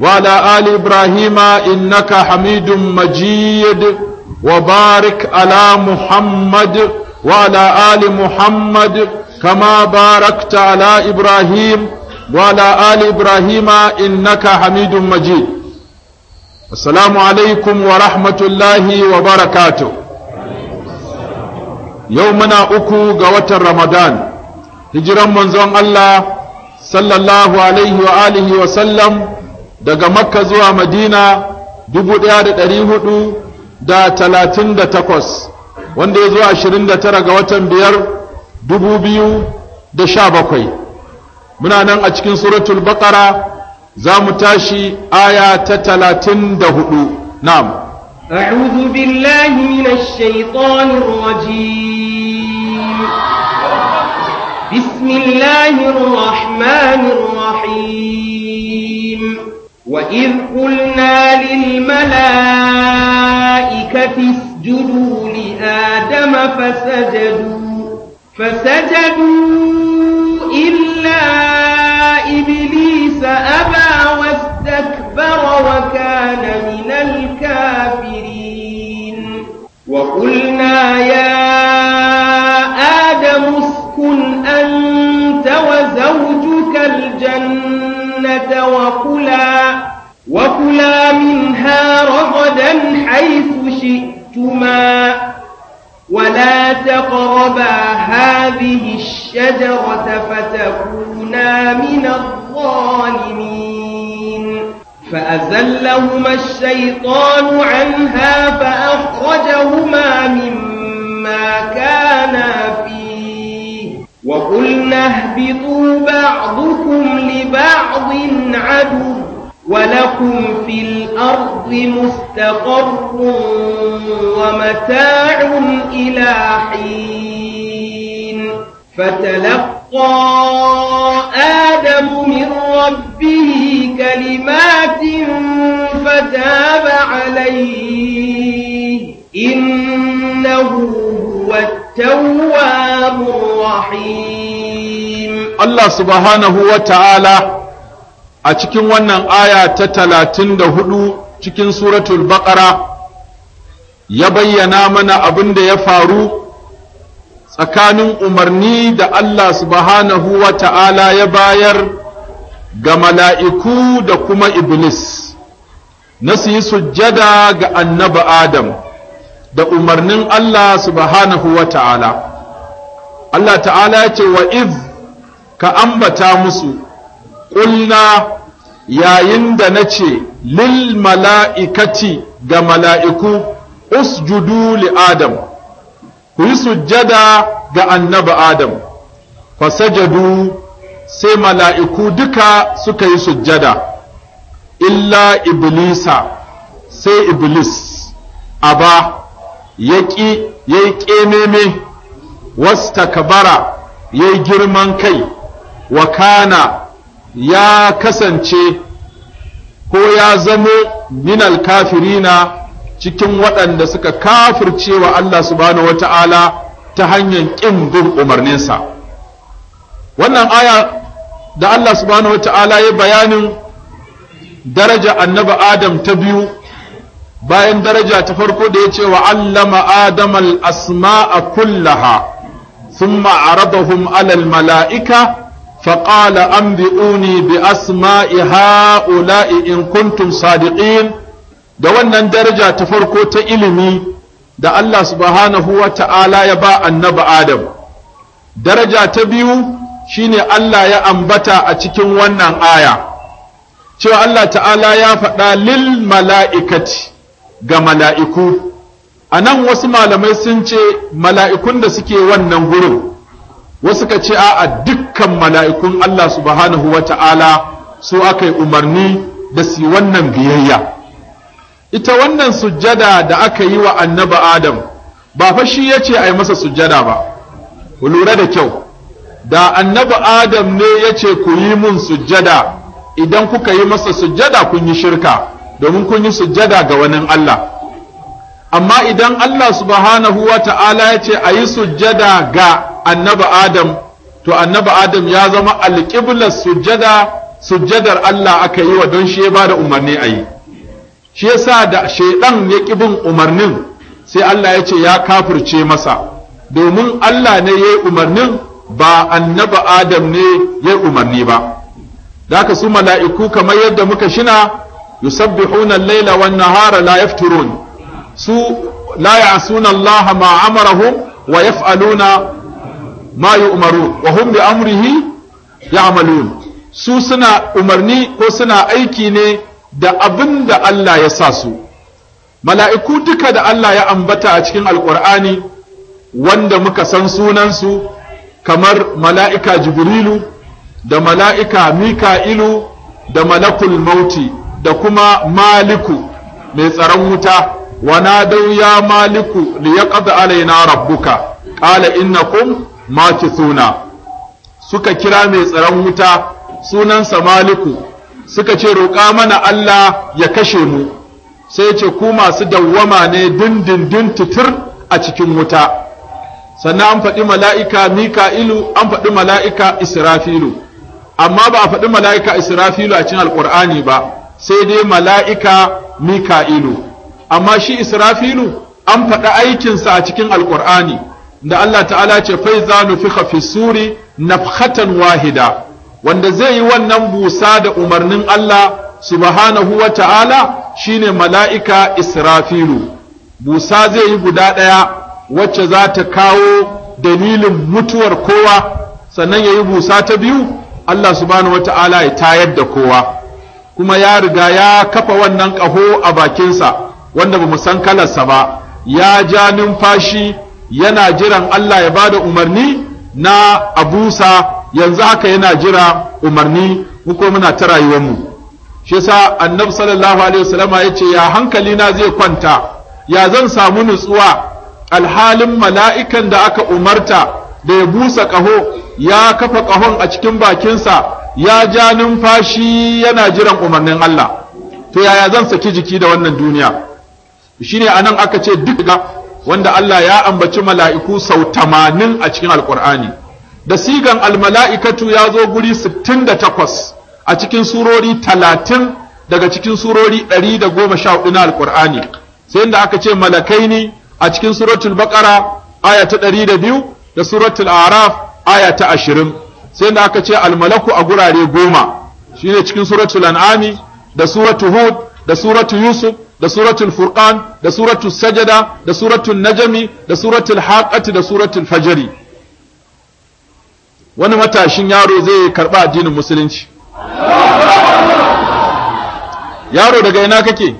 وعلى آل إبراهيم إنك حميد مجيد وبارك على محمد وعلى آل محمد كما باركت على إبراهيم وعلى آل إبراهيم إنك حميد مجيد السلام عليكم ورحمة الله وبركاته يومنا أكو قوة رمضان هجرا منزون الله صلى الله عليه وآله وسلم daga makka zuwa madina takwas, wanda ya zuwa tara ga watan biyar dubu biyu da sha bakwai, muna nan a cikin suratul baqara za mu tashi aya ta 34 na'am أعوذ بالله من الشيطان الرجيم بسم الله الرحمن الرحيم وإذ قلنا للملائكة اسجدوا لآدم فسجدوا فسجدوا إلا إبليس أبى واستكبر وكان من الكافرين وقلنا يا آدم اسكن أنت وزوجك الجنة الجنة وكلا وكلا منها رغدا حيث شئتما ولا تقربا هذه الشجرة فتكونا من الظالمين فأزلهما الشيطان عنها فأخرجهما مما كانا فيه وقلنا اهبطوا بعضكم لبعض عدو ولكم في الأرض مستقر ومتاع إلى حين فتلقى آدم من ربه كلمات فتاب عليه إنه التواب الرحيم الله سبحانه a cikin wannan aya ta talatin da hudu cikin suratul baqara ya bayyana mana abin da ya faru tsakanin umarni da Allah subhanahu wa ta'ala ya bayar ga mala'iku da kuma iblis na su yi sujjada ga annabi Adam da umarnin Allah subhanahu wa ta'ala Allah ta'ala ya ce wa iz ka ambata musu ƙulna yayin da na ce lil mala'ikati ga mala'iku usjudu li adam ku yi sujjada ga annabi adam fasajadu sai mala'iku duka suka yi sujjada illa iblisa sai iblis aba ya ƙi ya yi ƙememe wasta kabara ya yi girman kai wa kana ya kasance ko ya zamo min kafirina cikin waɗanda suka kafirce wa Allah subhanahu wata'ala ta hanyar ƙin bin umarninsa wannan aya da Allah subhanahu wata'ala ya bayanin daraja annabi Adam ta biyu bayan daraja ta farko da ya ce wa allama adam al-asma'a kullaha sun aradahum alal al-mala'ika faqala anbi'uni bi asma'i ha'ula'i in kuntum sadiqin da wannan daraja ta farko ta ilimi da Allah subhanahu wa ta'ala ya ba annabi adam daraja ta biyu shine Allah ya ambata a cikin wannan aya cewa Allah ta'ala ya faɗa lil mala'ikati ga mala'iku a nan wasu malamai sun ce mala'ikun da suke wannan gurin wasu ka ce a dukkan mala'ikun Allah subhanahu wa ta'ala su aka yi umarni da su wannan biyayya ita wannan sujjada da aka yi wa annaba adam ba fa shi ya ce a yi masa sujjada ba ku lura da kyau da annaba adam ne ya ce ku yi mun sujjada idan kuka yi masa sujjada kun yi shirka domin kun yi sujjada ga wani Allah amma idan Allah subhanahu wa ta'ala ya ce a yi sujjada ga annaba Adam to annaba Adam ya zama alƙiblar sujjada sujjadar Allah aka yi wa don shi ya bada umarni a yi shi ya sa da shaidan ya bin umarnin sai Allah ya ce ya kafirce masa domin Allah ne ya yi umarnin ba annaba Adam ne ya yi umarni ba da su mala'iku kamar yadda muka shina yusabbihuna al-laila wan nahara la yafturun su la ya'suna Allah ma amarahum wa yaf'aluna ma yu'marun wa su suna umarni ko suna aiki ne da abin da Allah ya sa su mala'iku duka da Allah ya ambata a cikin alkur'ani wanda muka san sunansu kamar mala'ika jibrilu da mala'ika mika'ilu da malakul mauti da kuma maliku mai tsaron wuta wa dau ya maliku li yaqdi alaina rabbuka Ƙala kun, innakum suna suka kira mai tsaron wuta sunansa maliku suka ce roƙa mana Allah ya kashe mu sai ce ku masu dawwama ne dindindin titir a cikin wuta sannan an faɗi mala'ika mika'ilu an faɗi mala'ika israfilu amma ba a faɗi mala'ika israfilu a cikin alƙur'ani ba sai dai mala'ika mika'ilu amma shi Isra'ilu an faɗa aikinsa a cikin alƙur'ani da Allah ta'ala ce fai za mu fi suri nafhatan wahida wanda zai yi wannan busa da umarnin Allah subhanahu wa ta'ala shine mala'ika Isra'ilu. busa zai yi guda ɗaya wacce za ta kawo dalilin mutuwar kowa sannan ya yi busa ta biyu Allah subhanahu wa ta'ala ya tayar da kowa kuma ya riga ya kafa wannan ƙaho a bakinsa wanda bamu mu san kalarsa ba ya ja numfashi yana jiran Allah ya bada umarni na abusa yanzu haka yana jira umarni ko muna ta rayuwarmu shi yasa annabi sallallahu alaihi wasallama yace ya hankali na zai kwanta ya zan samu nutsuwa alhalin mala'ikan da aka umarta da ya busa ƙaho ya kafa ƙahon a cikin bakinsa ya ja numfashi yana jiran umarnin Allah to yaya zan saki jiki da wannan duniya shine anan aka ce duk ga wanda Allah ya ambaci mala'iku sau 80 a cikin alkur'ani da sigan almala'ikatu ya zo guri 68 a cikin surori 30 daga cikin surori 114 na alkur'ani sai inda aka ce malakai ne a cikin suratul baqara aya ta 102 da suratul araf aya ta 20 sai da aka ce almalaku a gurare goma shine cikin suratul an'ami da suratul hud da suratul yusuf da suratul furqan da suratul sajada da suratul najmi da suratul haqati da suratul fajri wani matashin yaro zai karba addinin musulunci yaro daga ina kake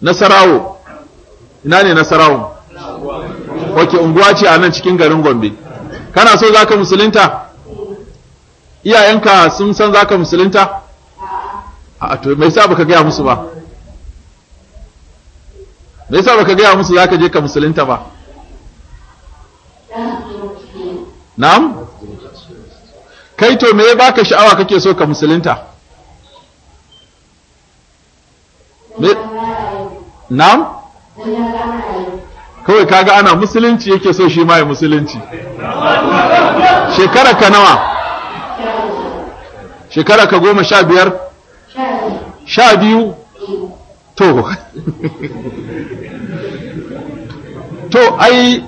nasarawo ina ne nasarawo wake unguwa ce a nan cikin garin gombe kana so za ka musulunta iyayenka sun san za ka musulunta a to me yasa baka gaya musu ba me yasa baka gaya musu za ka je ka musulunta ba na'am kai to me baka sha'awa kake so ka musulunta na'am kawai kaga ana musulunci yake so shi ma ya musulunci shekara ka nawa shekara ka goma sha biyar sha biyu to to ai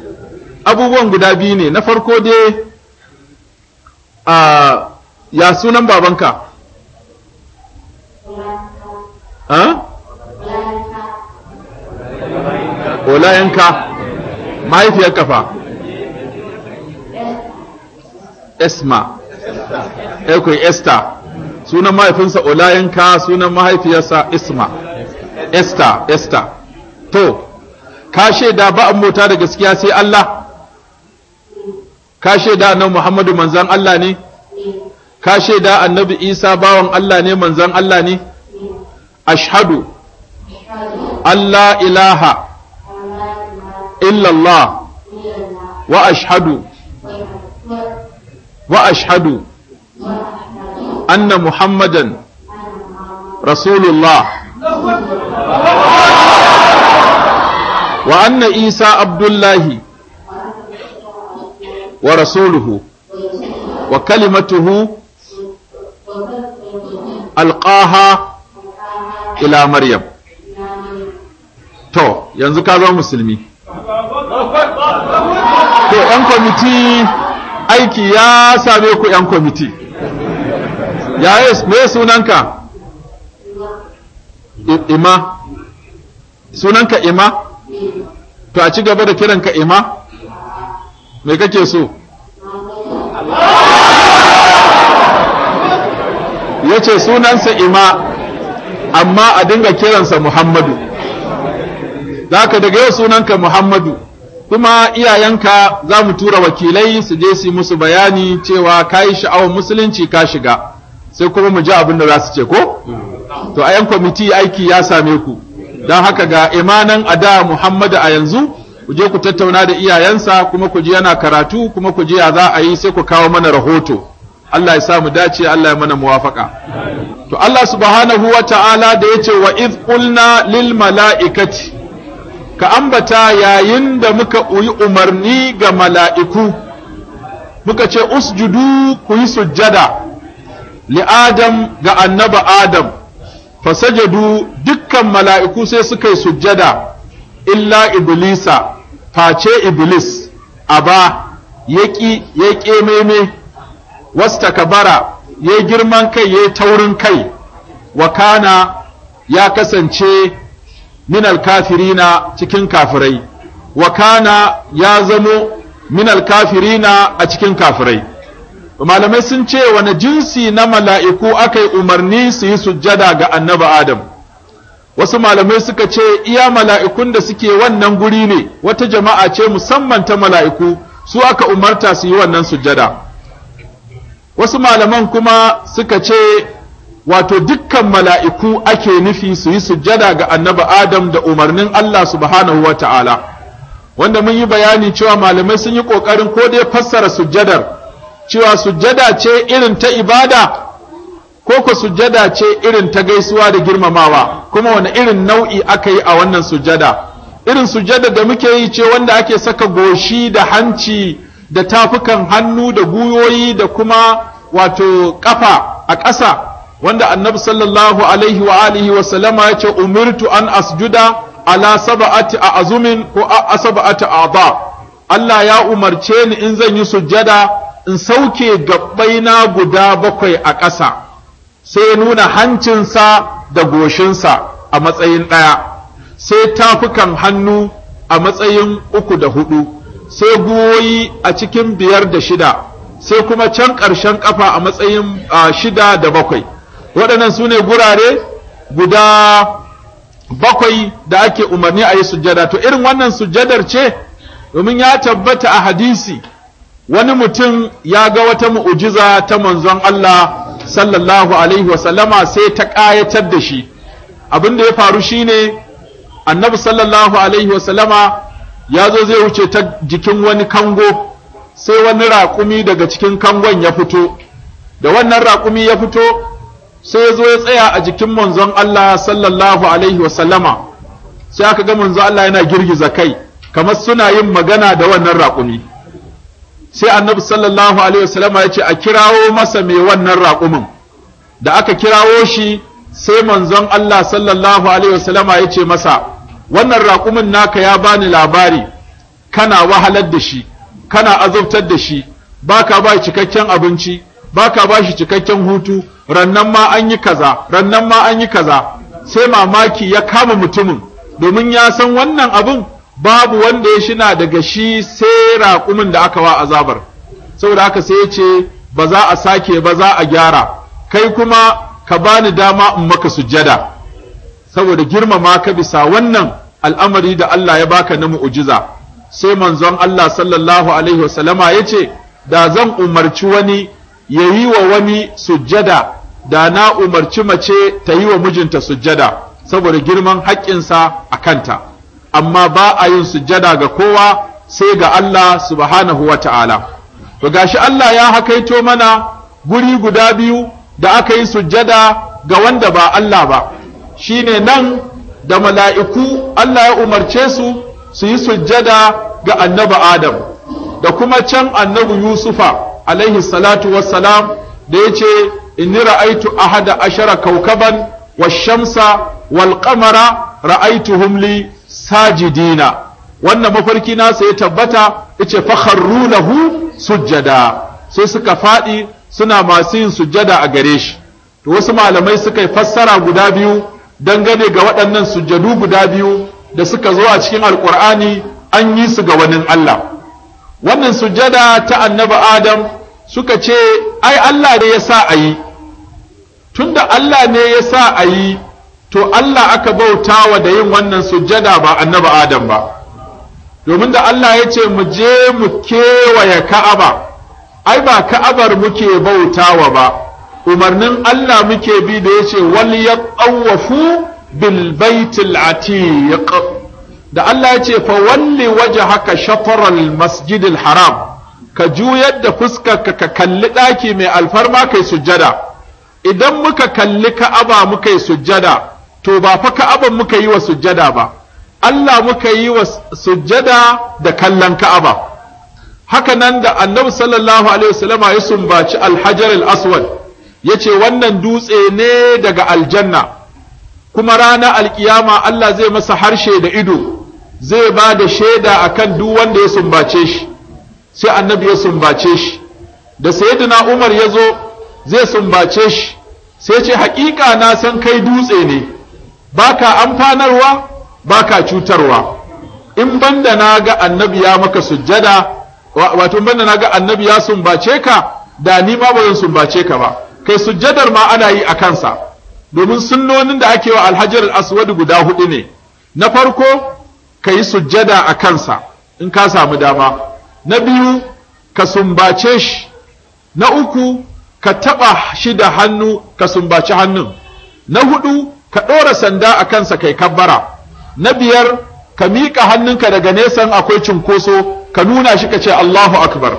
abubuwan guda biyu ne na farko dai a ya sunan babanka? ola yanka mahaifiyar kafa esma ekwe esther sunan mahaifinsa ola yanka sunan mahaifiyarsa isma esther esther to ka shaida ba an mota da gaskiya sai Allah ka shaida annabi Muhammadu manzan Allah ne ka shaida annabi Isa bawan Allah ne manzan Allah ne Ashadu. Allah ilaha illallah wa ashhadu anna muhammadan rasulullah wa isa abdullahi wa rasuluhu wa kalimatuhu alqaha ila maryam to yanzu kaza musulmi to yan kwamiti aiki ya same ku yan kwamiti Ya yi sunanka ima sunanka ima to a ci gaba da kiranka ima me kake so ya ce sunansa ima amma a dinga kiransa muhammadu da daga yau sunanka muhammadu kuma iyayenka za mu tura wakilai su je su musu bayani cewa ka yi sha'awar musulunci ka shiga sai kuma mu ji abin da za su ce ko to a yan kwamiti aiki ya same ku don haka ga imanan ada muhammadu a yanzu ku je ku tattauna da iyayensa kuma ku ji yana karatu kuma ku je ya za a yi sai ku kawo mana rahoto Allah ya sa mu dace Allah ya mana muwafaka to Allah subhanahu wa ta'ala da ya ce wa iz qulna lil mala'ikati ka ambata yayin da muka uyi umarni ga mala'iku muka ce usjudu ku yi sujjada li adam ga annaba adam fasajadu dukkan mala'iku sai suka yi sujjada illa iblisa face iblis aba yaƙi ya ƙememe wasta kabara ya girman kai ya taurin kai Wakana ya kasance minal kafirina cikin kafirai wa kana ya zamo minal kafirina a cikin kafirai malamai sun ce wani jinsi na mala'iku aka umarni su yi sujjada ga annabi adam wasu malamai suka ce iya mala'ikun da suke wannan guri ne wata jama'a ce musamman ta mala'iku su aka umarta su yi wannan sujjada wasu malaman kuma suka ce wato dukkan mala'iku ake nufi su yi sujjada ga annabi Adam da umarnin Allah subhanahu wa ta'ala, wanda mun yi bayani cewa malamai sun yi ƙoƙarin ko dai fassara sujjadar, cewa sujjada ce irin ta ibada, ko ku sujjada ce irin ta gaisuwa da girmamawa, kuma wani irin nau'i aka yi a wannan sujjada. Irin sujjada da muke yi ce wanda ake saka goshi da hanci da tafukan hannu da guyoyi da kuma wato ƙafa a ƙasa. wanda annabi sallallahu alaihi wa alihi wa sallama ya ce umirtu an asjuda ala sab'ati a azumin ko a sab'ati a'dha Allah ya umarce ni in zan yi sujjada in sauke gabbaina guda bakwai a ƙasa sai nuna hancinsa da goshinsa a matsayin ɗaya sai tafukan hannu a matsayin uku da hudu sai guwoyi a cikin biyar da shida sai kuma can ƙarshen ƙafa a matsayin shida da bakwai waɗannan su ne gurare guda bakwai da ake umarni a yi sujjada to irin wannan sujjadar ce domin ya tabbata a hadisi wani mutum ya ga wata mu'ujiza ta manzon Allah sallallahu alaihi wasallama sai ta ƙayatar da shi abin da ya faru shine annabi sallallahu alaihi wasallama ya zo zai wuce ta jikin wani kango sai wani raƙumi daga cikin kangon ya fito da wannan raƙumi ya fito sai ya zo ya tsaya a jikin manzon Allah sallallahu alaihi wa sallama sai aka ga manzon Allah yana girgiza kai kamar suna yin magana da wannan raƙumi sai annabi sallallahu alaihi wa sallama ya ce a kirawo masa mai wannan raƙumin da aka kirawo shi sai manzon Allah sallallahu alaihi wa sallama ya ce masa wannan raƙumin naka ya bani labari kana wahalar da shi kana azabtar da shi baka ba cikakken abinci baka bashi cikakken hutu rannan ma an yi kaza rannan ma an yi kaza sai mamaki ya kama mutumin domin ya san wannan abun babu wanda ya shina daga shi sai raƙumin da aka wa azabar saboda haka sai ya ce ba za a sake ba za a gyara kai kuma ka bani dama in maka sujada. saboda girmama ka bisa wannan al'amari da Allah ya baka na mu'ujiza sai manzon Allah sallallahu alaihi wasallama ya ce da zan umarci wani ya yi wa wani sujjada da na umarci mace ta yi wa mijinta sujjada saboda girman haƙƙinsa a kanta amma ba a yin sujjada ga kowa sai ga Allah subhanahu wa ta'ala to gashi Allah ya hakaito mana guri guda biyu da aka yi sujjada ga wanda ba Allah ba shine nan da mala'iku Allah ya umarce su su yi sujjada ga annabi Adam da kuma can annabi Yusufa alaihi salatu wassalam da ya ce inni ra'aitu ahada ashara kaukaban washamsa wal qamara ra'aituhum li sajidina wannan mafarki nasa ya tabbata yace fakharru lahu sujjada sai suka fadi suna masu yin sujjada a gare shi to wasu malamai suka yi fassara guda biyu dangane ga waɗannan sujjadu guda biyu da suka zo a cikin alkur'ani an yi su ga wani Allah wannan sujada ta annabi adam suka ce ai Allah ne ya sa a yi tunda Allah ne ya sa a yi to Allah aka bautawa da yin wannan sujada ba annabi adam ba domin da Allah ya ce mu je mu kewaye ka'aba ai ba ka'abar muke bautawa ba umarnin Allah muke bi da ya ce wal ya bil baitil atiq da Allah ya ce fa walli haka shafarar masjidil haram ka juyar da fuskarka ka kalli ɗaki mai alfarma kai sujjada idan muka kalli ka'aba muka yi sujjada to ba fa ka'aban muka yi wa sujjada ba Allah muka yi wa sujjada da kallon ka'aba haka nan da annabi sallallahu alaihi wasallama ya sumbaci alhajar al-aswad yace wannan dutse ne daga aljanna kuma ranar alkiyama Allah zai masa harshe da ido zai ba da shaida akan duk wanda ya sumbace shi sai annabi ya sumbace shi da sayyidina Umar ya zo zai sumbace shi sai ce haƙiƙa na san kai dutse ne baka amfanarwa baka cutarwa in banda na ga annabi ya maka sujjada wato banda na ga annabi ya sumbace ka da ni ma ba zan sumbace ka ba kai sujjadar ma ana yi a kansa domin sunnonin da ake wa alhajar aswad guda hudu ne na farko ka yi sujjada a kansa in ka samu dama na biyu ka sumbace shi na uku ka taɓa shi da hannu ka sumbaci hannun na hudu ka ɗora sanda a kansa kai kabbara na biyar ka miƙa hannunka daga nesan akwai cunkoso ka nuna shi ka ce Allahu akbar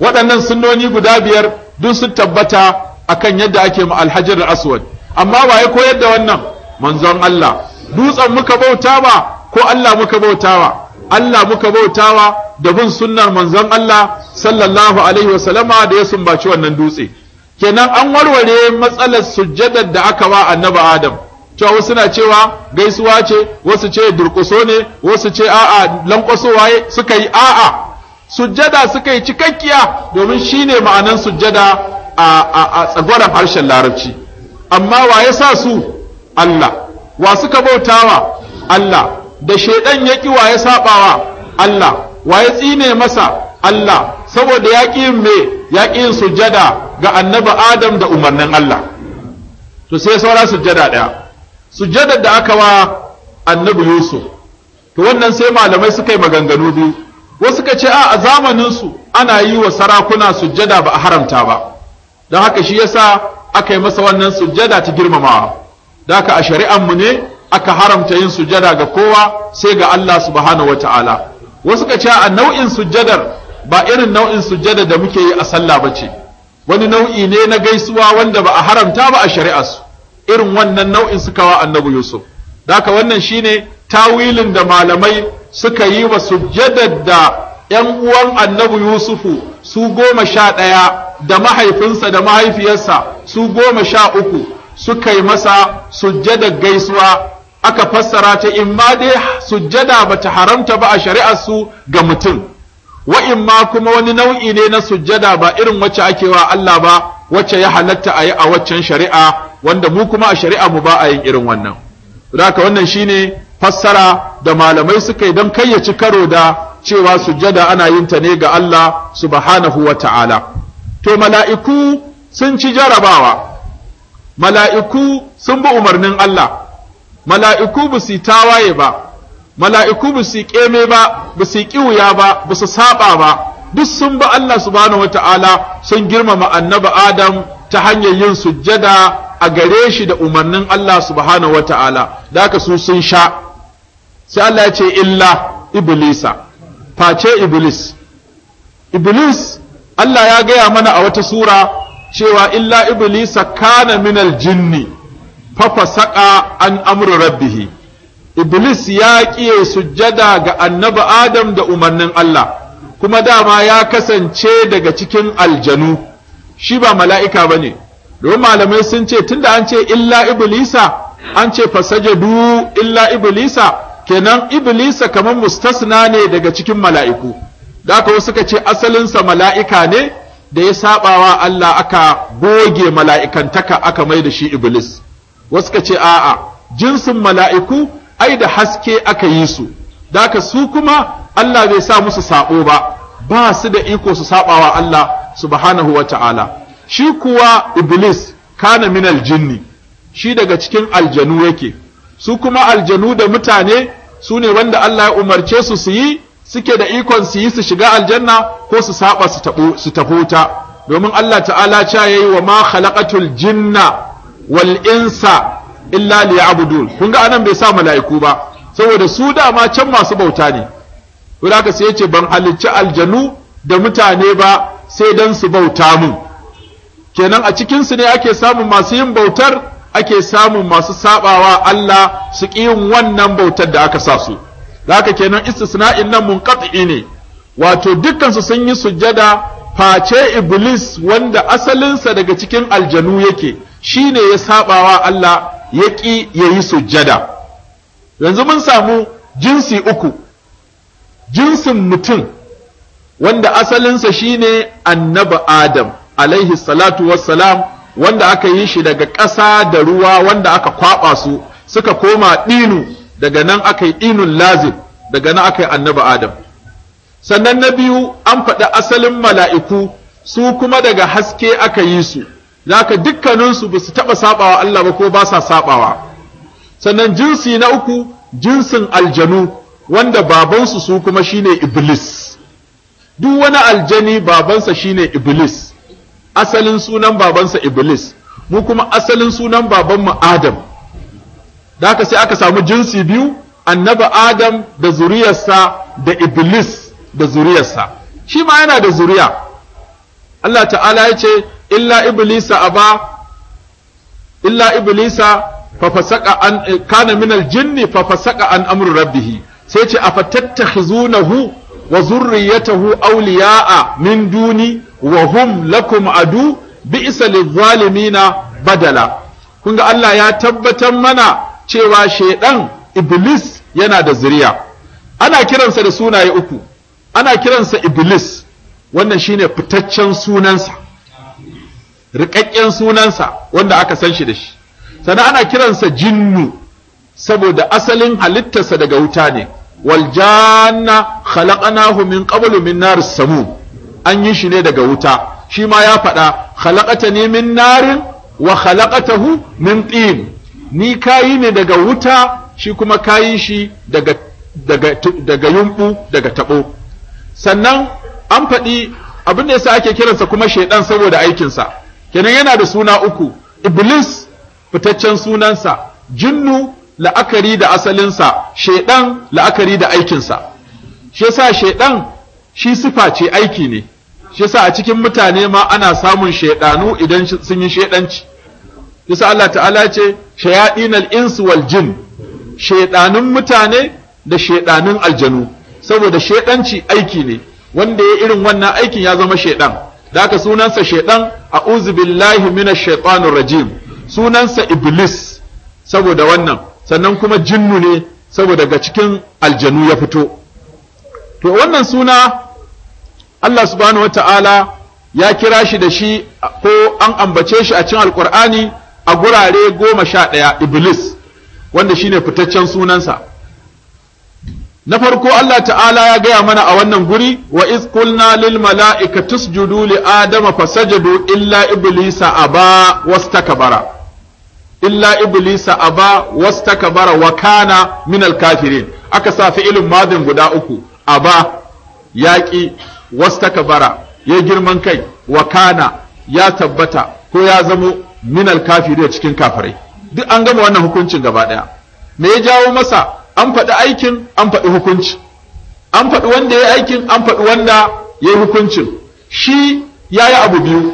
waɗannan sunnoni guda biyar duk sun tabbata akan yadda ake mu alhajar aswad amma waye koyar da wannan manzon Allah dutsen muka bauta ba ko Allah muka bautawa Allah muka bautawa da bin sunnar manzon Allah sallallahu alaihi wasallama da ya sumbaci wannan dutse kenan an warware matsalar sujjadar da aka ba annabi Adam To wasu suna cewa gaisuwa ce wasu ce durkuso ne wasu ce a'a lankwasowa suka yi a'a sujjada suka yi cikakkiya domin shine ma'anan sujjada a tsagwaran harshen larabci amma wa ya sa su Allah wa suka bautawa Allah da shaidan ya ki waye sabawa Allah Wa ya tsine masa Allah saboda ya ƙi yin me ya ƙi yin sujjada ga annabi Adam da umarnin Allah to sai saura sujada ɗaya sujada da aka wa annabi Yusuf to wannan sai malamai suka yi maganganu biyu wasu suka ce a zamanin su ana yi wa sarakuna sujada ba a haramta ba don haka shi yasa aka yi masa wannan sujada ta girmamawa da haka a shari'an mu ne aka haramta yin sujada ga kowa sai ga Allah subhanahu wata'ala wasu ka ce a nau'in sujadar ba irin nau'in sujada da muke yi a sallah ba ce wani nau'i ne na gaisuwa wanda ba a haramta ba a shari'ar su irin wannan nau'in suka wa annabi yusuf daka wannan shine tawilin da malamai suka yi wa sujjadar da ‘yan uwan annabi Yusufu su goma sha ɗaya da mahaifinsa da mahaifiyarsa su goma sha uku suka yi masa sujjadar gaisuwa aka fassara ta in ma dai sujjada bata haramta ba a shari'ar su ga mutum wa in ma kuma wani nau'i ne na sujjada ba irin wacce ake wa Allah ba wacce ya halatta a yi a waccan shari'a wanda mu kuma a shari'a mu ba a yin irin wannan haka wannan shine fassara da malamai suka yi don kai ya ci karo da cewa sujjada ana yin ta ne ga Allah subhanahu wa ta'ala to mala'iku sun ci jarabawa mala'iku sun bi umarnin Allah mala'iku ba su tawaye ba mala'iku ba su keme ba ba su ƙiwuya ba ba su saba ba duk sun ba Allah subhanahu wata'ala sun girmama annabi Adam ta hanyar yin sujjada a gare shi da umarnin Allah subhanahu wata'ala da aka su sun sha sai Allah ce illa iblisa face iblis iblis Allah ya gaya mana a wata sura cewa illa iblisa kana minal jinni fafasaka an amru rabbihi iblis ya ƙiye sujjada ga annabi adam da umarnin Allah kuma dama ya kasance daga cikin aljanu shi ba mala'ika ba ne domin malamai sun ce tunda an ce illa iblisa an ce fasajadu illa iblisa kenan iblisa kamar mustasna ne daga cikin mala'iku da aka wasu ka ce asalinsa mala'ika ne da ya sabawa Allah aka goge mala'ikantaka aka mai da shi iblis wasu ka ce a'a jinsin mala'iku ai da haske aka yi su daka su kuma Allah bai sa musu saɓo ba ba su da iko su sabawa Allah subhanahu wa ta'ala shi kuwa iblis kana min aljinni shi daga cikin aljanu yake su kuma aljanu da mutane su ne wanda Allah ya umarce su su yi suke da ikon su yi su shiga aljanna ko su saba su tafi wuta domin Allah ta'ala cha yayi wa ma khalaqatul jinna Wal'insa, insa illa liya'budun kun ga anan bai sa mala'iku ba saboda su dama can masu bauta ne wadda ka sai ce ban halicci aljanu da mutane ba sai don su bauta mun kenan a cikinsu su ne ake samun masu yin bautar ake samun masu sabawa Allah su yin wannan bautar da aka sa su kenan istisna'in nan munqati ne wato dukkan sun yi sujjada face iblis wanda asalinsa daga cikin aljanu yake shine ya sabawa Allah ya ƙi ya yi sujjada yanzu mun samu jinsi uku jinsin mutum wanda asalinsa shine annabi adam alaihi salatu wassalam wanda aka yi shi daga ƙasa da ruwa wanda aka kwaɓa su suka koma ɗinu daga nan aka yi ɗinun lazim daga nan aka yi annabi adam sannan na biyu an faɗi asalin mala'iku su kuma daga haske aka yi su Za ka dukkaninsu ba su taɓa saɓawa Allah ba ko ba sa saɓawa sannan jinsi na uku jinsin aljanu wanda babansu su kuma shine iblis duk wani aljani babansa shine iblis asalin sunan babansa iblis mu kuma asalin sunan babanmu adam da aka sai aka samu jinsi biyu Annaba adam da zuriyarsa da iblis da zuriyarsa shi ma yana da zuriya Allah ta'ala ya ce illa iblisa aba illa iblisa fa fasaqa an kana min aljinn fa fasaqa an amru rabbih sai ce afatattakhizunahu wa zurriyatahu awliya'a min duni wa hum lakum adu bi'sa lidh badala kun ga Allah ya tabbatar mana cewa shedan iblis yana da zuriya ana kiransa da sunaye uku ana kiransa iblis wannan shine fitaccen sunansa riƙaƙƙen sunansa wanda aka san shi da shi sannan ana kiransa jinnu saboda asalin halittarsa daga wuta ne wal janna khalaqnahu min qablu min nar samu an yi shi ne daga wuta shi ma ya faɗa ni min narin wa khalaqatahu min tin ni kayi ne daga wuta shi kuma kayi shi daga daga daga yumbu daga tabo sannan an faɗi abin da yasa ake kiransa kuma shaidan saboda aikinsa kenan yana da suna uku iblis fitaccen sunansa jinnu la'akari da asalinsa shaidan la'akari da aikinsa shi yasa shaidan shi sifa ce aiki ne shi yasa a cikin mutane ma ana samun shaidanu idan sun yi shaidanci yasa Allah ta'ala ce shayadinal insu wal jin shaidanun mutane da shaidanun aljanu saboda shedanci aiki ne wanda ya irin wannan aikin ya zama shedan da aka sunansa shedan a'udhu billahi minash shaitanir rajim sunansa iblis saboda wannan sannan kuma jinnu ne saboda ga cikin aljanu ya fito to wannan suna Allah subhanahu wata'ala ya kira shi da shi ko an ambace shi a cikin alkur'ani a gurare goma sha ɗaya iblis wanda shine fitaccen sunansa na farko Allah ta'ala ya gaya mana a wannan guri wa iz qulna lil mala'ika tusjudu li adama fasajadu illa iblisa aba wastakbara illa iblisa aba wastakbara wa kana min al kafirin aka sa fi'ilin madin guda uku aba yaqi wastakbara ya girman kai wa kana ya tabbata ko ya zamo min al kafirin cikin kafirai duk an gama wannan hukuncin gaba ɗaya. me ya jawo masa an faɗi aikin an faɗi hukunci an faɗi wanda ya yi aikin an faɗi wanda ya yi hukuncin shi ya yi abu biyu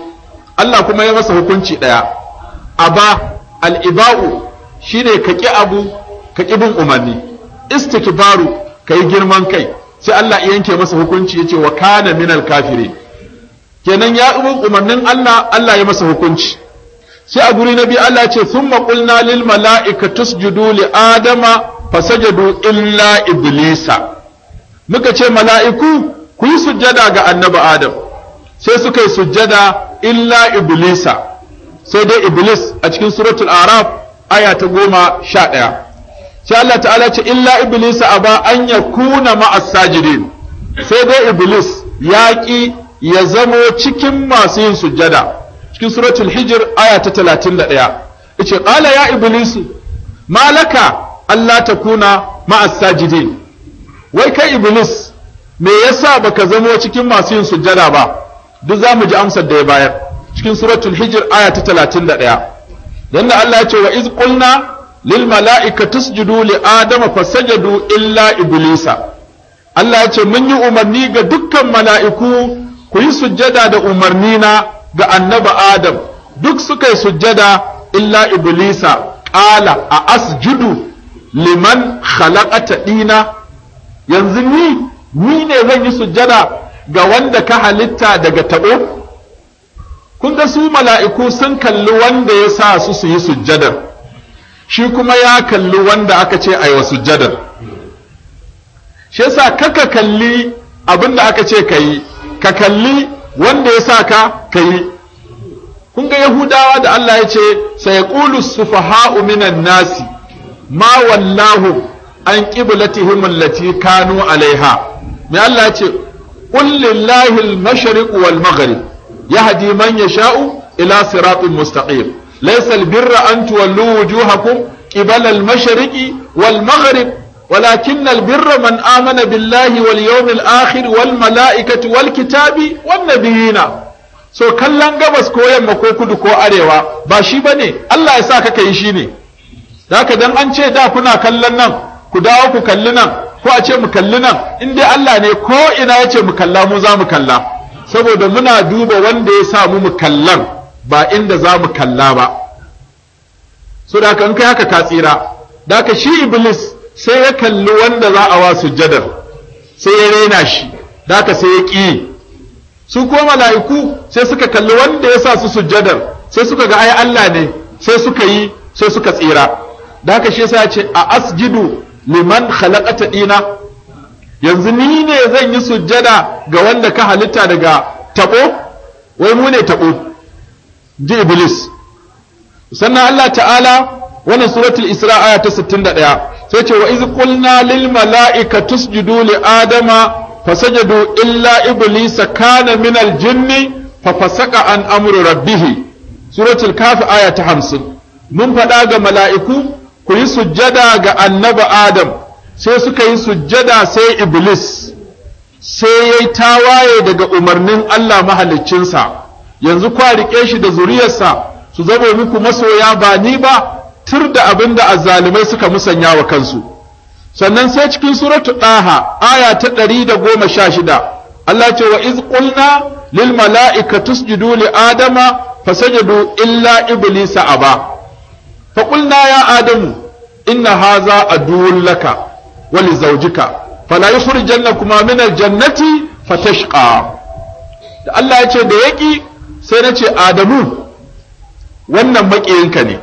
Allah kuma ya masa hukunci ɗaya aba al'iba'u shi ne ka ƙi abu ka ƙi bin umarni istikbaru ka yi girman kai sai Allah iya yanke masa hukunci ya ce wa kana minal kafire kenan ya bin umarnin Allah Allah ya masa hukunci sai a guri na biyu Allah ce sun qulna lil mala'ikati tusjudu li adama fasajadu illa iblisa muka ce mala'iku ku yi sujjada ga annabi adam sai suka yi sujjada illa iblisa sai dai iblis a cikin suratul araf aya ta goma sha ɗaya sai Allah ta'ala ce illa iblisa a ba an ya kuna ma'as sai dai iblis ya ya zamo cikin masu yin sujjada cikin suratul hijir aya ta talatin da ɗaya ice ƙala ya iblisu malaka Allah ta kuna ma'as wai kai iblis me yasa baka zamo cikin masu yin sujjada ba duk zamu ji amsar da ya bayar cikin suratul hijir aya ta 31 dan da Allah ya ce wa iz qulna lil mala'ikati isjudu li adama fasajadu illa iblisa Allah ya ce mun yi umarni ga dukkan mala'iku ku yi sujjada da umarni na ga annabi adam duk suka yi sujjada illa iblisa qala a asjudu liman khalaqata dina yanzu ni ni ne zan yi sujjada ga wanda ka halitta daga taɓo kun ga su mala'iku sun kalli wanda ya sa su su yi sujjadar shi kuma ya kalli wanda aka ce a wa sujjada shi yasa kaka kalli abin da aka ce ka yi ka kalli wanda ya sa ka ka yi kun ga yahudawa da Allah ya ce sai ƙulu sufaha'u minan nasi Mawallahu an an qiblatihim allati kanu alaiha me Allah ya ce qul lillahi al-mashriq wal sha'u yahdi man yasha'u ila siratin mustaqim laysa al-birra an tuwallu wujuhakum qibala al-mashriqi wal maghrib ولكن wal من آمن بالله wal الآخر والملائكة والكتاب والنبيين so kallon gabas ko yamma ko kudu ko arewa ba shi bane Allah ya sa ka yi shi ne Daka dan an ce da kuna kallon nan ku dawo ku kalli nan ko a ce mu kalli nan in dai Allah ne ko ina ya ce mu kalla mu za mu kalla saboda muna duba wanda ya samu mu kallan ba inda za mu kalla ba so da haka kai haka ka tsira da ka shi iblis sai ya kalli wanda za a wa sujjadar sai ya rena shi da ka sai ya ƙi su ko mala'iku sai suka kalli wanda ya sa su sujjadar sai suka ga ai Allah ne sai suka yi sai suka tsira da haka shi yasa ce a asjidu liman khalaqata ɗina yanzu ni ne zan yi sujjada ga wanda ka halitta daga tabo wai mu ne tabo ji iblis sannan Allah ta'ala wannan suratul isra aya ta 61 sai ce wa iz qulna lil mala'ikati isjudu li adama fasajadu illa iblis kana min al jinni fa fasaqa an amri rabbih suratul kaf aya ta 50 mun faɗa ga mala'iku ku yi sujjada ga annabi adam sai suka yi sujjada sai iblis sai ya tawaye daga umarnin Allah mahaliccinsa yanzu kwa rike shi da zuriyarsa su zama muku masoya ba ni ba tur da abinda da azzalumai suka musanya wa kansu sannan sai cikin suratu ɗaha aya ta ɗari da goma sha shida Allah ce wa iz qulna lil mala'ikati tusjudu li adama fasajadu illa iblisa aba فقلنا يا آدم إن هذا عدو لك ولزوجك فلا يخرجنكما من الجنة فتشقى Allah ya ce da yaƙi sai na ce Adamu wannan maƙiyinka ne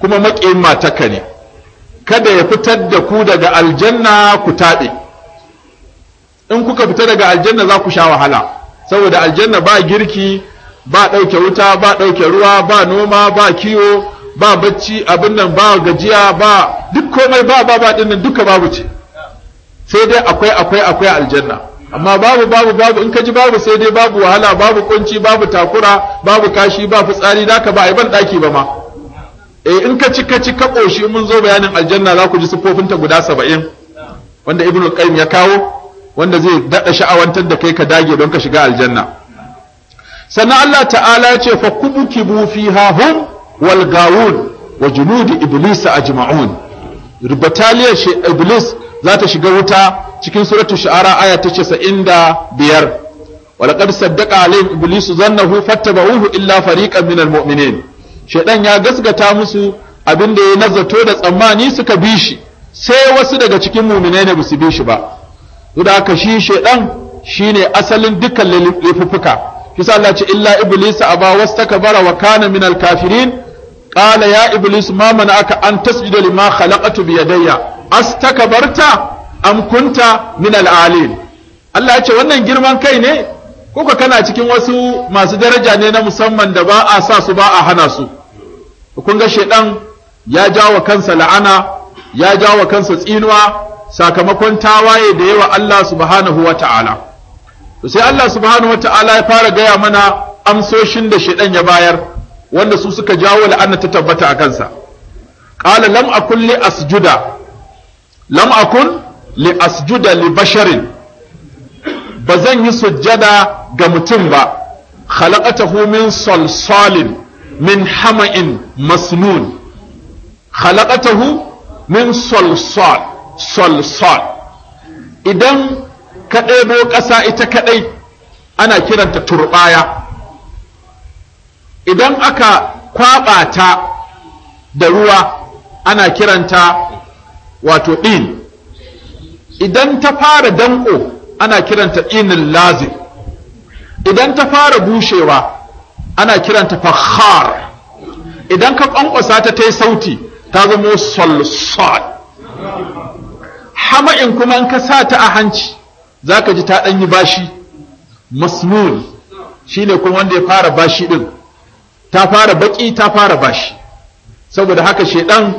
kuma maƙiyin matarka ne kada ya fitar da ku daga aljanna ku taɓe in kuka fita daga aljanna za ku sha wahala saboda aljanna ba girki ba ɗauke wuta ba ɗauke ruwa ba noma ba kiwo ba bacci abin nan ba gajiya ba duk komai ba ba ba nan duka babu ce sai dai akwai akwai akwai aljanna amma babu babu babu in ka ji babu sai dai babu wahala babu kunci babu takura babu kashi ba fitsari zaka ba ai ban daki ba ma eh in ka ci ka ci ka koshi mun zo bayanin aljanna za ku ji sifofinta guda 70 wanda ibnu qayyim ya kawo wanda zai dada sha'awantar da kai ka dage don ka shiga aljanna sannan Allah ta'ala ya ce fa kubukibu fiha hum wal وجنود wa junudi iblis ajma'un bataliyar iblis za ta shiga wuta cikin suratul shu'ara aya ta biyar walaqad saddaqa alaihim iblis zannahu fattaba'uhu illa fariqan minal mu'minin shedan ya gaskata musu abinda ya nazato da tsammani suka bi shi sai wasu daga cikin mu'minai ne basu bi shi ba da haka shi shedan shine asalin dukkan laifuffuka kisa Allah ce illa iblis aba wastakbara wa kana minal kafirin qala ya iblis ma aka an tasjuda lima khalaqtu As ta kabarta am kunta min al Allah yace ce wannan girman kai ne kuka kana cikin wasu masu daraja ne na musamman da ba a sa su ba a hana su kun ga shedan ya jawo kansa la'ana ya jawo kansa tsinuwa sakamakon tawaye da yawa Allah subhanahu wa ta'ala sai Allah subhanahu wa ta'ala ya fara gaya mana amsoshin da shedan ya bayar wanda su suka jawo la'anna ta tabbata a kansa qala lam akun li asjuda lam akun li asjuda li basharin ba zan yi sujjada ga mutum ba khalaqatahu min salsalin min hama'in masnun khalaqatahu min salsal salsal idan ka ɗebo ƙasa ita kaɗai ana kiranta turɓaya idan aka kwaɓa ta da ruwa ana kiranta wato ɗin idan ta fara danko ana kiranta ɗinin lazi idan ta fara bushewa ana kiranta fahar idan ka ƙwanƙwasa ta ta sauti ta zama solsol hama'in kuma in ka sa ta a hanci za ka ji ta ɗanyi bashi shi shine kuma wanda ya fara bashi ɗin ta fara baki ta fara bashi saboda haka shedan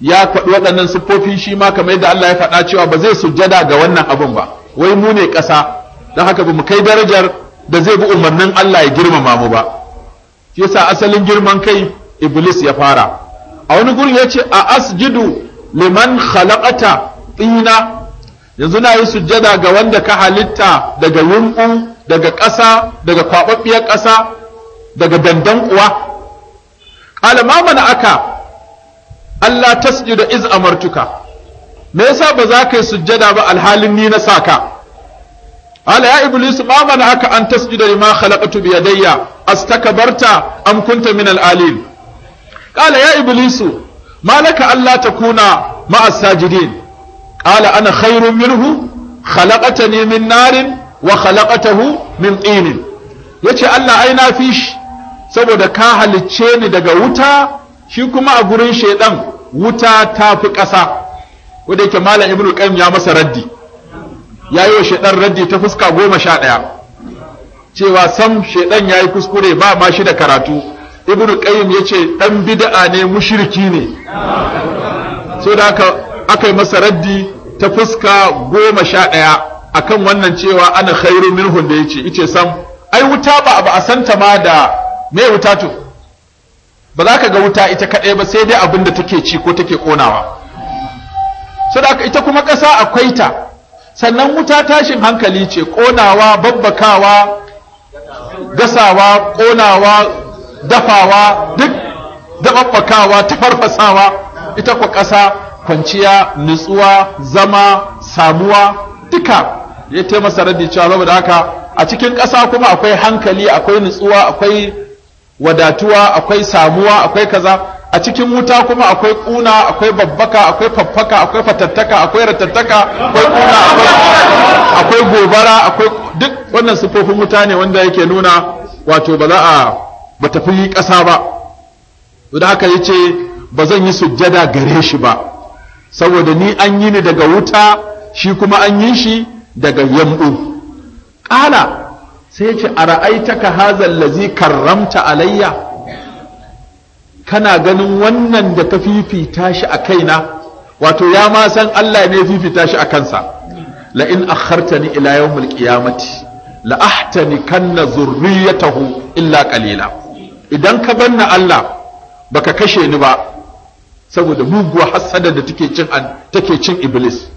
ya faɗi waɗannan siffofi shi ma kamar yadda Allah ya faɗa cewa ba zai sujjada ga wannan abin ba wai mu ne ƙasa don haka ba mu kai darajar da zai bi umarnin Allah ya girmama mu ba shi yasa asalin girman kai iblis ya fara a wani gurin ya ce a asjidu liman khalaqata tsina yanzu na yi sujjada ga wanda ka halitta daga yumɓu daga ƙasa daga kwaɓaɓɓiyar ƙasa daga dandan uwa ala ma mana aka Allah ta da iz amartuka me yasa ba za ka yi sujjada ba alhalin ni na saka ala ya iblis ma mana aka an tasjuda lima khalaqtu bi yadayya astakbarta am kunta min al alil قال يا إبليس ما لك ألا تكون مع الساجدين قال أنا خير منه خلقتني min نار وخلقته من طين يتي ألا أين فيش saboda ka halicce ni daga wuta shi kuma a gurin shaidan wuta ta fi ƙasa wanda yake malam ibnu qayyim ya masa raddi ya yi wa shaidan raddi ta fuska goma sha ɗaya cewa sam shaidan ya yi kuskure ba ma shi da karatu ibnu qayyim ya ce ɗan bida'a ne mushriki ne so da akayi masa raddi ta fuska goma sha ɗaya akan wannan cewa ana khairu minhum da yace ice sam ai wuta ba ba a santa ma da me wuta to ba za ka ga wuta ita kaɗai ba sai dai abin da take ci ko take ƙonawa sadaka ita kuma ƙasa akwai ta sannan wuta tashin hankali ce ƙonawa babbakawa gasawa ƙonawa dafawa duk ta farfasawa ita kwa ƙasa kwanciya nutsuwa zama samuwa duka ya taimasa radi cewa da haka a cikin ƙasa kuma akwai hankali akwai nutsuwa akwai wadatuwa akwai samuwa akwai kaza a cikin wuta kuma akwai kuna akwai babbaka akwai faffaka akwai fatattaka akwai ratattaka akwai kuna akwai gobara akwai duk wannan sifofin wuta ne wanda yake nuna wato ba za a ba tafi ƙasa ba da haka ya ce ba zan yi sujjada gare shi ba saboda ni an yi ni daga wuta shi kuma an yi shi daga yambu ƙala sai ce a ra'aitaka hazal lazi karramta alayya kana ganin wannan da ka fifita shi a kaina wato ya ma san Allah ne fifita shi a kansa la in akhartani ila yawmil qiyamati la ahtani kanna zurriyatahu illa qalila idan ka banna Allah baka kashe ni ba saboda muguwa hassada da take cin take cin iblis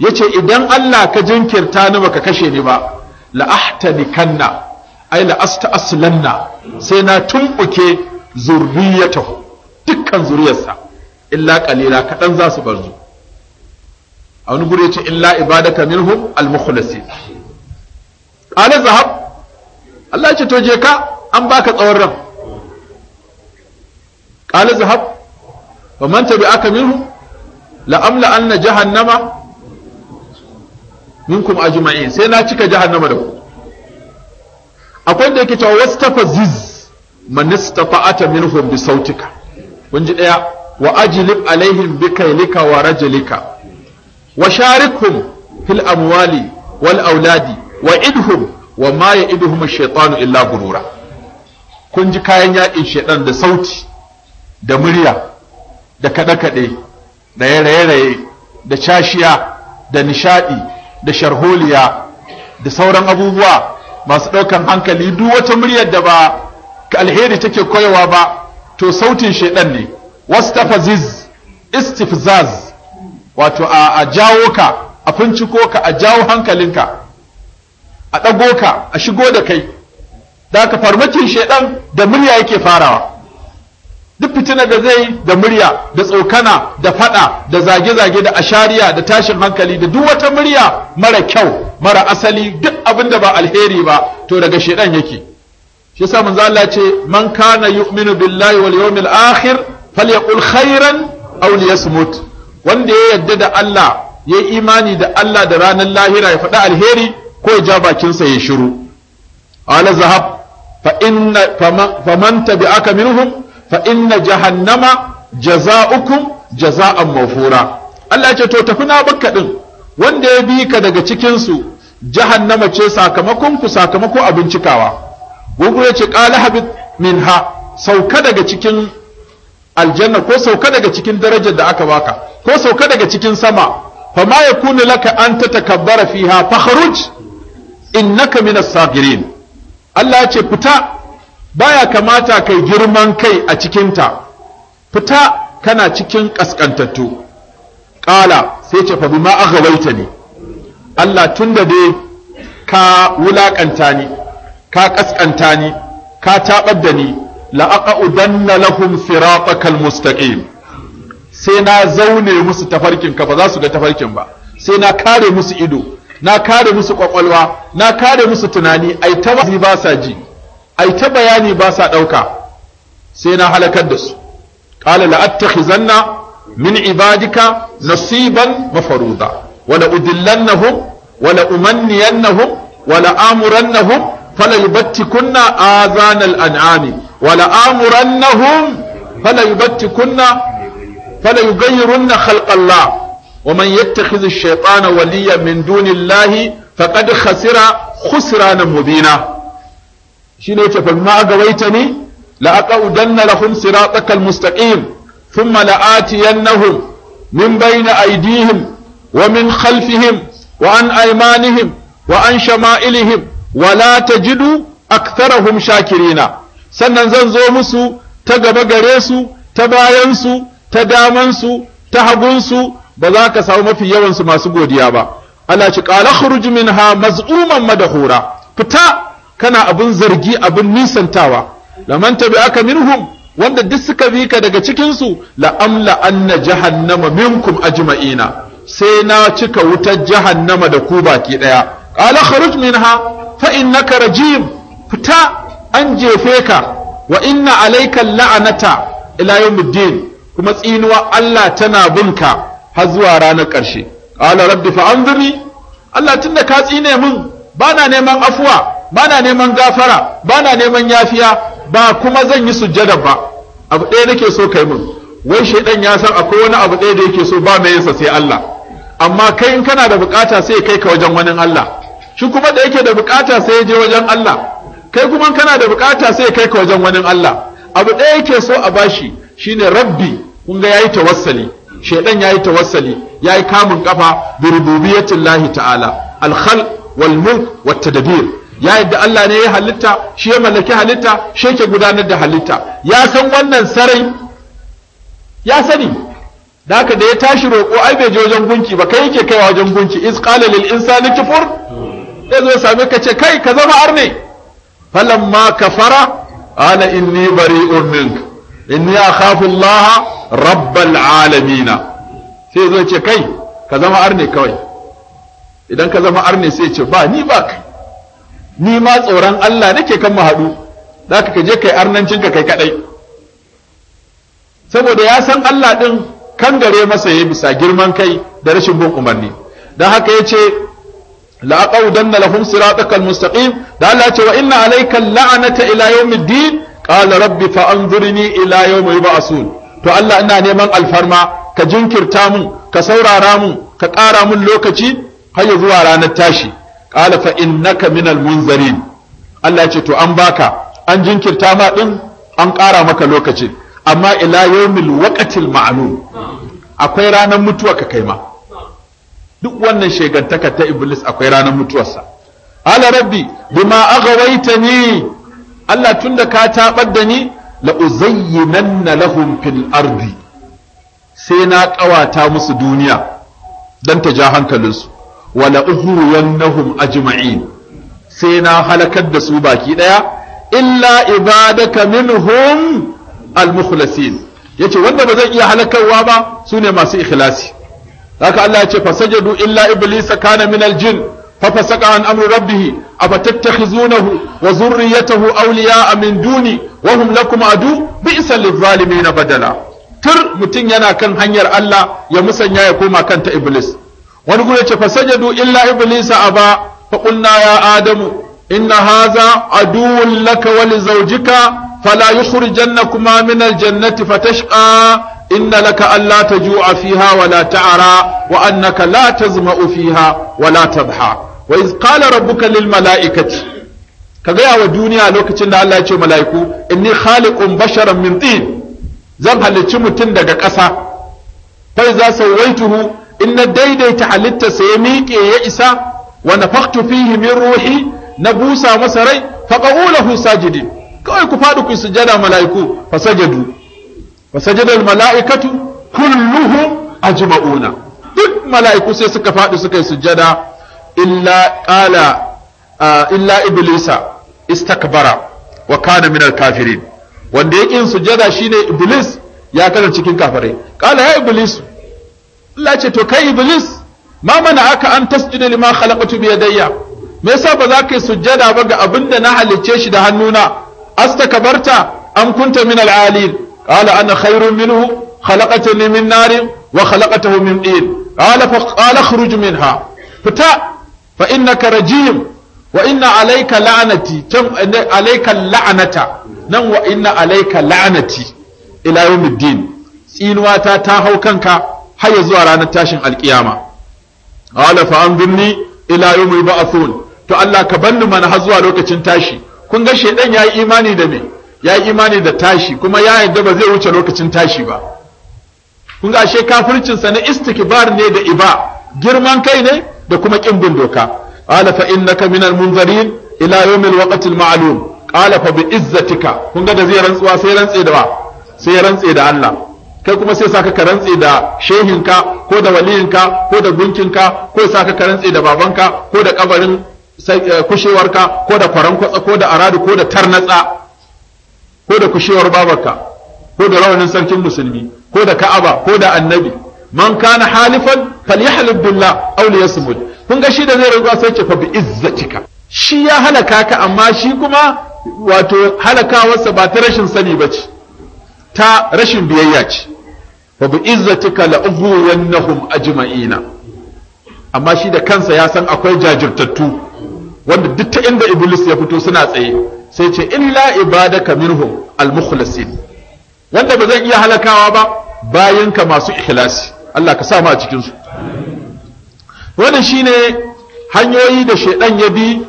yace idan Allah ka jinkirta ni baka kashe ni ba la'ahtanikanna ai la'asta aslanna sai na tumbuke zurriyatahu dukkan zuriyarsa illa qalila kadan za su barzu a wani gure ce illa ibadaka minhum al-mukhlasin qala zahab Allah ya ce to je ka an baka tsawon ran qala zahab wa man tabi'aka minhum la amla anna jahannama minkum ajma'in sai na cika jihar da ku akwai da yake cewa wastafaziz man istata'ata minhum bi sautika kun ji daya wa ajlib alaihim bi kaylika wa rajlika wa sharikhum fil amwali wal auladi wa idhum wa maye ya'iduhum ash-shaytanu illa gurura kun ji kayan yakin shaidan da sauti da murya da kaɗe-kaɗe da raye-raye da cashiya da nishaɗi da sharholiya da sauran abubuwa masu ɗaukan hankali duk wata muryar da ba ka alheri take koyawa ba to sautin shaidan ne wastafaziz istifzaz wato a jawo ka a finciko ka a jawo hankalinka a ɗago ka a shigo da kai da ka farmakin shaidan da murya yake farawa duk fitina da zai da murya da tsokana da fada da zage-zage da ashariya da tashin hankali da duk wata murya mara kyau mara asali duk abin da ba alheri ba to daga shedan yake shi yasa manzo Allah ce man kana yu'minu billahi wal yawmil akhir falyaqul khairan aw liyasmut wanda ya yadda da Allah ya yi imani da Allah da ranar lahira ya faɗa alheri ko ya ja bakinsa ya shiru ala zahab fa inna faman tabi'aka minhum fa inna jahannama jaza jaza'an mafura Allah ya ce to tafi na bakka ɗin. wanda ya bi ka daga cikinsu jahannama ce sakamakon ku sakamako abin cikawa gugu ya ce qala habit minha sauka daga cikin aljanna ko sauka daga cikin darajar da aka baka ko sauka daga cikin sama fa ma yakunu laka an takabbara fiha fakhruj innaka minas sagirin Allah ya ce fita baya kamata kai girman kai a cikinta fita kana cikin ƙasƙantattu ƙala sai ce fa bima ne Allah tunda dai ka wulaƙanta ni ka ƙasƙanta ni ka taɓar da ni na lahum siratakal mustaqim sai na zaune musu tafarkin ka ba za su ga tafarkin ba sai na kare musu ido na kare musu ƙwaƙwalwa, na kare musu tunani ai ta ba sa ji ai ta bayani ba sa ɗauka sai na halakar da su ƙala la min ibadika nasiban mafaruda wala udillannahum wala umanniyannahum wala amurannahum fala yubattikunna azanal an'ami wala amurannahum fala yubattikunna fala yughayyirunna khalqallah ومن يتخذ الشيطان وليا من دون الله فقد خسر خسرانا مبينا shine yace fa ma agawaitani la aqudanna lahum siratakal mustaqim thumma la'atiyannahum min bayni aydihim wa min khalfihim wa an aymanihim wa an shama'ilihim wa la tajidu aktharahum shakirina sannan zan zo musu ta gaba gare su ta bayan su ta daman su ta hagun su ba za ka samu mafi yawan su masu godiya ba Allah ci qala khruj minha maz'uman madhura fita kana abin zargi abin nisantawa laman aka minhum wanda duk suka bi ka daga cikin su la amla anna jahannama minkum ajma'ina sai na cika wutar jahannama da ku baki daya qala kharuj minha fa innaka rajim fita an jefe ka wa inna alayka la'anata ila yawmiddin kuma tsinuwa Allah tana bunka har zuwa ranar ƙarshe qala rabbi fa anzurni Allah tunda ka tsine min bana neman afuwa bana neman gafara bana neman yafiya ba kuma zan yi sujjada ba abu ɗaya nake so kai mun wai shaidan ya san akwai wani abu ɗaya da yake so ba mai yinsa sai Allah amma kai in kana da bukata sai kai ka wajen wani Allah shi kuma da yake da bukata sai ya je wajen Allah kai kuma in kana da bukata sai kai ka wajen wani Allah abu ɗaya yake so a bashi shine rabbi kun ga yayi tawassali shaidan yayi tawassali yayi kamun kafa bi rububiyyatillahi ta'ala al-khalq wal mulk wat tadbir ya yadda Allah ne ya halitta shi ya mallaki halitta shi yake gudanar da halitta ya san wannan sarai ya sani da haka da ya tashi roƙo ai bai je wajen gunki ba kai yake kaiwa wajen gunki is qala lil insani kufur ya zo same ka ce kai ka zama arne falamma kafara ana inni bari'un mink inni akhafu Allah rabbal alamin sai zo ce kai ka zama arne kawai idan ka zama arne sai ce ba ni ba ni ma tsoron Allah nake kan mu haɗu za ka je kai arnancin ka kai kadai saboda ya san Allah din kan gare masa ya bisa girman kai da rashin bin umarni dan haka yace la aqudanna lahum siratakal mustaqim da Allah ce wa inna alayka la'anata ila yawmiddin qala rabbi fa anzurni ila yawmi yub'asun to Allah ina neman alfarma ka jinkirta mun ka saurara mun ka ƙara mun lokaci har zuwa ranar tashi qala fa innaka minal munzarin Allah ce to an baka an jinkirta ma ɗin, an ƙara maka lokaci amma ila yawmil waqtil ma'lum akwai ranar mutuwa ka kai ma duk wannan shegantaka ta iblis akwai ranar mutuwarsa ala rabbi bima ni. Allah tunda ka tabar da ni la uzayyinanna lahum fil ardi sai na ƙawata musu duniya don ta ja hankalinsu wa la a ajma'in sai na halakar da su baki daya illa ibadaka minhum al yace wanda ba zan iya halakarwa ba sune masu ikhlasi haka Allah ya ce fasajadu illa iblis kana min al-jinn ففسق عن أمر ربه أفتتخذونه وذريته أولياء من دوني وهم لكم عدو بئس na Badala. Tur mutum yana kan hanyar Allah ya musanya ya koma kanta Iblis wani gure ce fasajadu illa iblisa aba fa qulna ya adamu inna hadha aduwwun laka wa li zawjika fala yukhrijannakuma min aljannati fatashqa inna laka alla taju'a fiha wa la ta'ra wa annaka la tazma'u fiha wa la tadha wa iz qala rabbuka lil mala'ikati ka gaya wa duniya lokacin da Allah ya ce mala'iku inni khaliqun basharan min tin zan halicci mutum daga ƙasa fa iza sawaituhu in na daidaita halittarsa ya miƙe ya isa wa nafaktu fihi min ruhi na busa masa rai faqa'u lahu sajidin kawai ku faɗi ku sujada mala'iku fasajadu mala'ikatu almala'ikatu kulluhum ajma'una duk mala'iku sai suka faɗi suka yi sujada illa qala iblisa istakbara wa kana min alkafirin wanda ya yin sujada shine iblis ya kana cikin kafirai qala ya iblis Allah ce to kai iblis ma mana aka an tasjuda lima khalaqtu bi yadayya me yasa ba za ka yi sujjada ba ga abin da na halicce shi da hannuna astakabarta am kunta min al-alil qala ana khairun minhu khalaqatani min narin wa khalaqatahu min din qala fa qala khruj minha fita fa innaka rajim wa inna alayka la'nati tam alayka la'nata nan wa inna alayka la'nati ila yawmiddin tsinuwa ta ta hau kanka har zuwa ranar tashin alkiyama qala fa anzurni ila yawmi yub'athun to Allah ka banni mana har zuwa lokacin tashi kun ga shedan yayi imani da me yayi imani da tashi kuma ya yadda ba zai wuce lokacin tashi ba kun ga ashe kafircin sa na istikbar ne da iba girman kai ne da kuma kin bin doka qala fa innaka minal munzirin ila yawmil waqtil ma'lum qala fa bi izzatika kun ga da zai rantsuwa sai rantsi da wa sai rantse da Allah kai kuma sai saka ka rantse da shehinka ko da waliyinka ko da gunkinka ko saka ka rantse da babanka ko da kabarin kushewarka ko da kwaran kwatsa ko da aradu ko da tarnatsa ko da kushewar babarka ko da rawanin sarkin musulmi ko da ka'aba ko da annabi man kana halifan falyahlib billah aw liyasmud kun ga shi da zai rubuta sai ce fa bi izzatika shi ya halaka ka amma shi kuma wato halakawarsa ba ta rashin sani ba ce ta rashin biyayya ce wa bi izzatika la ughwiyannahum ajma'ina amma shi da kansa ya san akwai jajirtattu wanda duk ta inda iblis ya fito suna tsaye sai ce illa ibadaka minhum al-mukhlasin wanda ba zan iya halakawa ba bayan ka masu ikhlasi Allah ka sa mu a cikin su wannan shine hanyoyi da shedan ya bi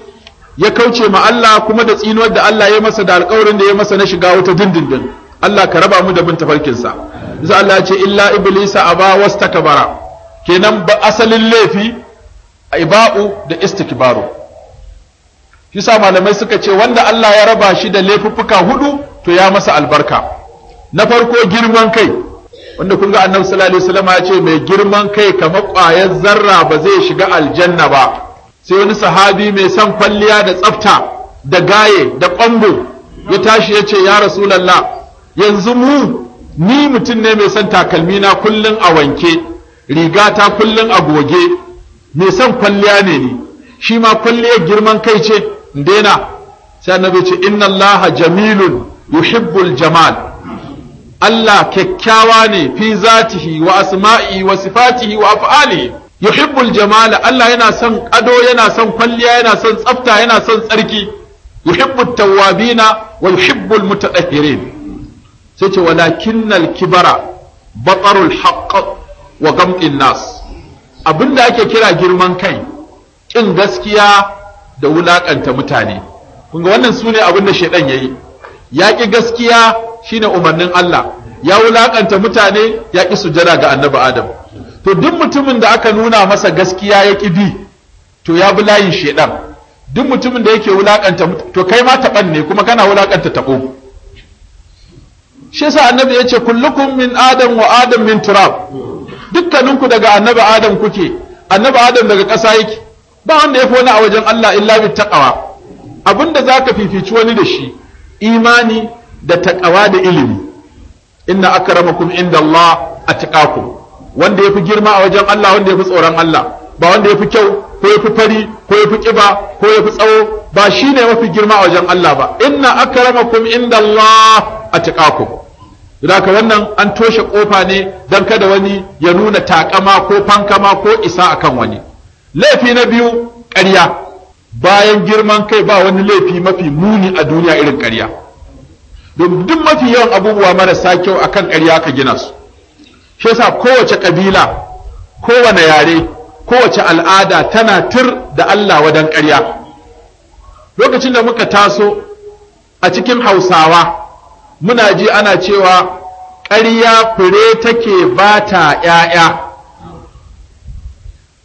ya kauce ma Allah kuma da tsinuwar da Allah ya masa da alƙawarin da ya masa na shiga wata dindindin Allah ka raba mu da bin tafarkinsa sai Allah ya ce illa iblisa aba wastakbara kenan ba asalin laifi iba'u da istikbaru kisa malamai suka ce wanda Allah ya raba shi da laifuffuka hudu to ya masa albarka na farko girman kai wanda kun ga annabi sallallahu alaihi wasallam ya ce mai girman kai kamar ƙwayar zarra ba zai shiga aljanna ba sai wani sahabi mai son kwalliya da tsafta da gaye da ƙwambo ya tashi ya ce ya rasulallah yanzu mu ni mutum ne mai son takalmi na kullum a wanke rigata kullum a goge mai son kwalliya ne ni shi ma kwalliyar girman kai ce daina sai annabi ce inna allaha jamilun yuhibbul jamal Allah kyakkyawa ne fi zatihi wa asma'i wa sifatihi wa af'ali yuhibbul jamal Allah yana son ado yana son kwalliya yana son tsafta yana son tsarki yuhibbut tawwabina wa yuhibbul mutatahhirin sai ce walakinnal kibara batarul haqq wa gamɗin nas abinda ake kira girman kai kin gaskiya da wulaƙanta mutane kunga wannan su ne abinda shedan ya yi ya ƙi gaskiya shine umarnin Allah ya wulaƙanta mutane ya ƙi sujada ga annabi Adam to duk mutumin da aka nuna masa gaskiya ya ƙi bi to ya bi layin duk mutumin da yake wulaƙanta to kai ma taɓan ne kuma kana wulakanta taɓo shi yasa annabi ce, kullukum min adam wa adam min turab dukkaninku daga annabi adam kuke annabi adam daga ƙasa yake ba wanda yafi wani a wajen Allah illa bi taqwa abinda zaka fifici wani da shi imani da taqwa da ilimi inna akramakum inda Allah atqakum wanda ya fi girma a wajen Allah wanda ya fi tsoron Allah ba wanda ya fi kyau ko ya fi fari ko ya fi ƙiba ko ya fi tsawo ba shi ne mafi girma a wajen Allah ba inna akramakum inda Allah a Da ka wannan an toshe ƙofa ne don kada wani ya nuna taƙama ko fankama ko isa akan wani laifi na biyu ƙarya bayan girman kai ba wani laifi mafi muni a duniya irin ƙarya duk mafi yawan abubuwa marasa kyau akan ƙarya ka gina su shi yasa kowace ƙabila kowane yare kowace al'ada tana tir da Allah wadan ƙarya lokacin da muka taso a cikin hausawa muna ji ana cewa ƙarya fure take ba ta ‘ya'ya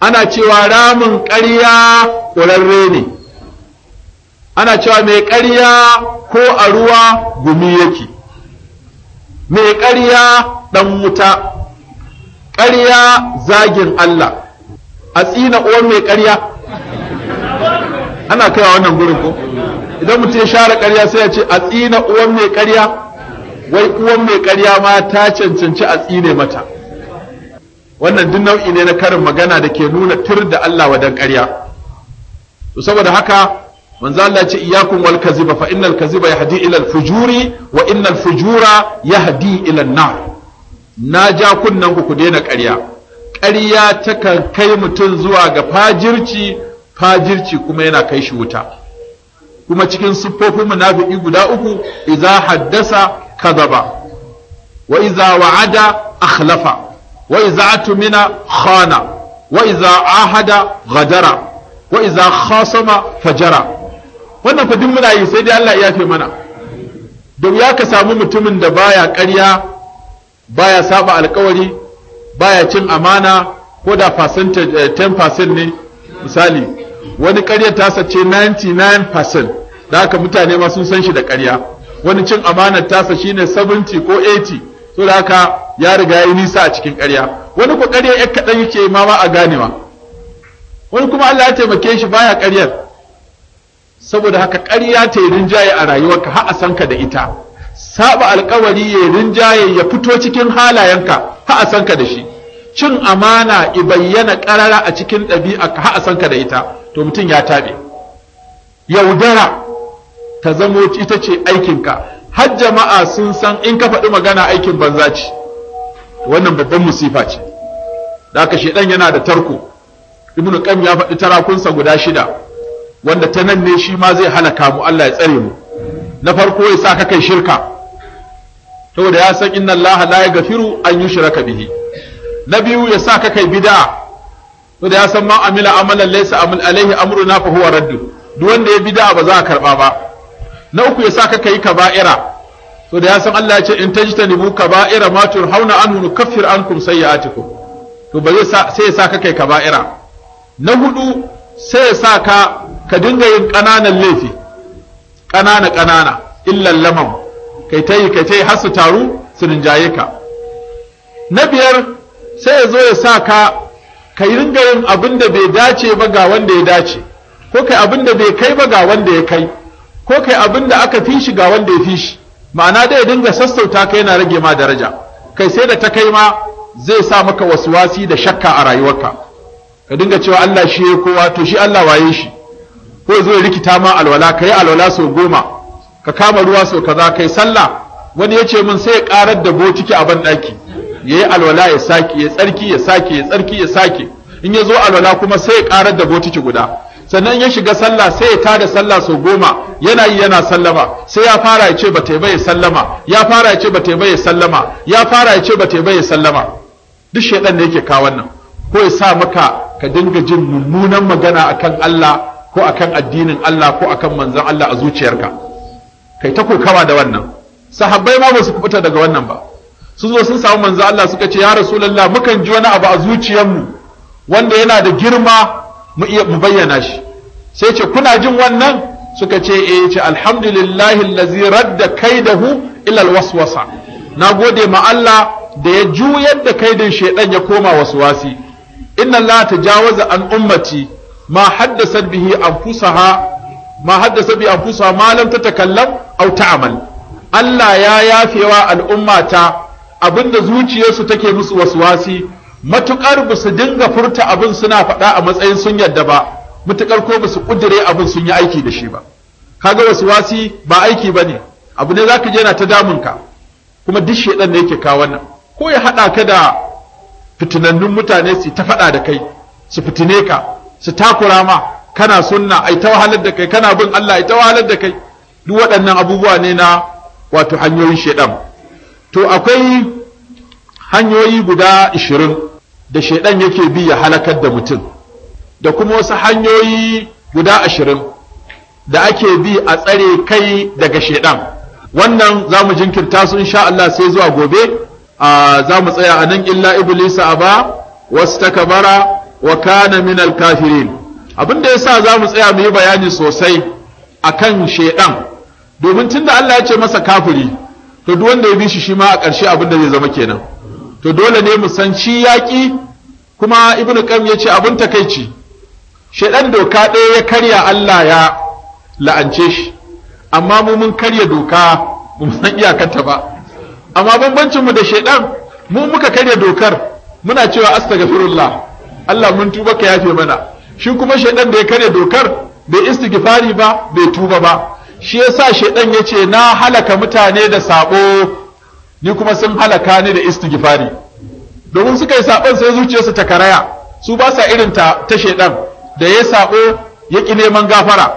ana cewa ramin ƙarya ƙurarre ne ana cewa mai ƙarya ko a ruwa gumi yake mai ƙarya ɗan wuta ƙarya zagin Allah a tsina uwar mai ƙarya ana kaiwa wannan gurin ko idan mutum ya share ƙarya sai ya ce a tsina uwar mai ƙarya wai uwar mai ƙarya ma ta cancanci a tsine mata wannan duk nau'i ne na karin magana da ke nuna tur da Allah wadan ƙarya to saboda haka manzo Allah ce iyyakum wal kaziba fa innal kaziba yahdi ila al fujuri wa innal fujura yahdi ila an na ja kunnan ku ku daina ƙarya ƙarya takan kai mutum zuwa ga fajirci fajirci kuma yana kai shi wuta kuma cikin siffofin munafiki guda uku Iza haddasa kadaba wa iza wa'ada akhlafa wa iza atumina khana wa iza ahada ghadara wa iza khasama fajara wannan fa muna yi sai dai Allah ya yafe mana don ya ka samu mutumin da baya ƙarya baya saba alƙawari baya cin amana ko da percentage 10% eh, ne misali wani ƙarya tasa ce 99% da haka mutane ma sun san shi da ƙarya wani cin amanar tasa shine 70 ko 80 so da haka ya riga ya nisa a cikin ƙarya wani ko ƙarya ya kaɗan yake ma ba a ganewa wani kuma Allah ya taimake shi baya ƙaryar saboda haka ƙarya ta yi rinjaye a rayuwarka har a sanka da ita saba alkawari ya rinjaye ya fito cikin halayenka ha a sanka da shi cin amana i bayyana ƙarara a cikin ɗabi'a ha a sanka da ita to mutum ya taɓe yaudara ta zamo ita ce aikinka har jama'a sun san in ka faɗi magana aikin banza ce wannan babban musifa ce da aka shaidan yana da tarko ibnu qayyim ya faɗi tarakunsa guda shida wanda ta nan ne shi ma zai halaka mu Allah ya tsare mu na farko ya sa ka kai shirka saboda ya san inna allaha la yaghfiru an yushraka bihi na biyu ya sa ka kai bid'a saboda ya san ma amila amalan laysa amil alaihi amruna fa huwa raddu duk wanda ya bid'a ba za a karba ba na uku ya sa ka kai kaba'ira so da ya san Allah ya ce in tajtanibu kaba'ira ma turhauna anhu nukaffir ankum sayyi'atikum to ba zai sai ya saka kai kaba'ira na hudu sai ya ka ka dinga yin ƙananan laifi ƙanana ƙanana illan lamam kai ta yi kai ta har su taru su rinjaye ka na biyar sai ya zo ya sa ka ka yi ringa yin abin da bai dace ba ga wanda ya dace ko kai abin da bai kai ba ga wanda ya kai ko kai abin da aka fi shi ga wanda ya fi shi ma'ana dai ya dinga sassauta ka yana rage ma daraja kai sai da ta kai ma zai sa maka wasu wasi da shakka a rayuwarka ka dinga cewa Allah shi ya kowa to shi Allah waye shi ko zai zo rikita ma alwala kai alwala sau goma ka kama ruwa so kaza kai sallah wani ya ce min sai ya karar da botiki a ban daki ya yi alwala ya saki ya tsarki ya saki ya tsarki ya saki in ya zo alwala kuma sai ya karar da botiki guda sannan ya shiga sallah sai ya tada sallah sau goma yana yi yana sallama sai ya fara ya ce bata bai sallama ya fara ya ce bata bai sallama ya fara ya ce bata bai sallama duk shedan da yake kawo wannan ko ya sa maka ka dinga jin mummunan magana akan Allah ko akan addinin Allah ko akan manzon Allah a zuciyarka kai ta kokawa da wannan sahabbai ma ba su fita daga wannan ba sun zo sun samu manzon Allah suka ce ya rasulullah mukan ji wani abu a zuciyarmu wanda yana da girma mu bayyana shi sai ce kuna jin wannan suka ce eh ce alhamdulillahi allazi radda kaidahu ila alwaswasa nagode ma Allah da ya juyar da kaidin shedan ya koma waswasi inna allaha tajawaza an ummati ma haddasa bihi anfusaha ma haddasa bi anfusaha ma lam tatakallam aw ta'mal Allah ya yafewa al'ummata abinda zuciyarsu take musu waswasi matukar ba su dinga furta abin suna faɗa a matsayin sun yadda ba matukar ko ba su kudure abin sun yi aiki da shi ba Ka kaga wasi ba aiki bane abu ne zaka je na ta damun ka. kuma duk shedan ne yake kawo wannan ko ya haɗa ka da fitinannun mutane su ta faɗa da kai su fitine ka su takura ma kana sunna ai ta wahalar da kai kana bin Allah ai ta wahalar da kai duk waɗannan abubuwa ne na wato hanyoyin shedan to akwai hanyoyi guda 20 da shedan yake bi ya halakar da mutum da kuma wasu hanyoyi guda 20 da ake bi a tsare kai daga shedan wannan za mu jinkirta su insha Allah sai zuwa gobe ah, za mu tsaya a nan illa iblisa ba wasu takabara wa kana min al-kafirin abin da yasa za mu tsaya mu yi bayani sosai akan shedan domin tunda Allah ya ce masa kafiri to duk wanda ya bi shi shi ma a ƙarshe abin da zai zama kenan to dole ne mu san shi yaƙi kuma ibnu qayyim ya ce abin takaici shedan doka ɗaya ya karya Allah ya la'ance shi amma mu mun karya doka mu san iyakarta ba amma bambancin mu da shedan mu muka karya dokar muna cewa astaghfirullah Allah mun tuba ka yafe mana shi kuma shaidan da ya kare dokar bai istighfari ba bai tuba ba shi yasa shaidan yace na halaka mutane da sabo ni kuma sun halaka ni da istighfari domin suka yi sabon sai zuciyarsu ta karaya su ba sa irin ta ta shaidan da ya sabo ya ki neman gafara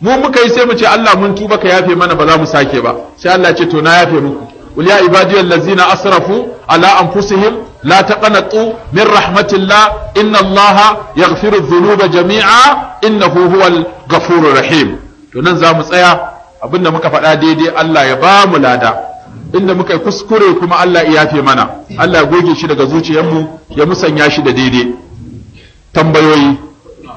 mu muka yi sai mu ce Allah mun tuba ka yafe mana ba za mu sake ba sai Allah ce to na yafe muku qul ya ibadiyallazina asrafu ala anfusihim la ƙanatsu min rahmatillah inna allaha yaghfiru dhunuba jami'a innahu huwal ghafurur rahim to nan za mu tsaya abinda muka faɗa daidai Allah ya ba mu lada inda muka yi kuskure kuma Allah ya yafe mana Allah ya goge shi daga zuciyarmu ya musanya shi da daidai tambayoyi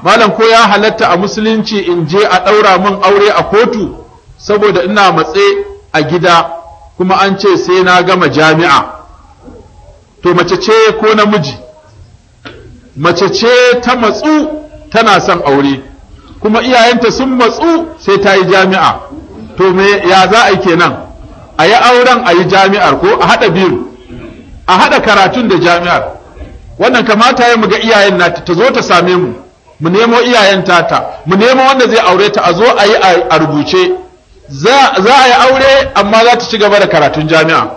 malam ko ya halatta a musulunci in je a ɗaura min aure a kotu saboda ina matse a gida kuma an ce sai na gama jami'a to mace ce ko namiji mace ce ta matsu tana son aure kuma iyayenta sun matsu sai ta yi jami'a to me ya za a yi kenan a yi auren a yi jami'ar ko a haɗa biyu a haɗa karatun da jami'ar wannan kamata ya mu ga iyayen nata ta zo ta same mu mu nemo iyayen tata mu nemo wanda zai aure ta a zo a yi a rubuce za a yi aure amma za ta ci gaba da karatun jami'a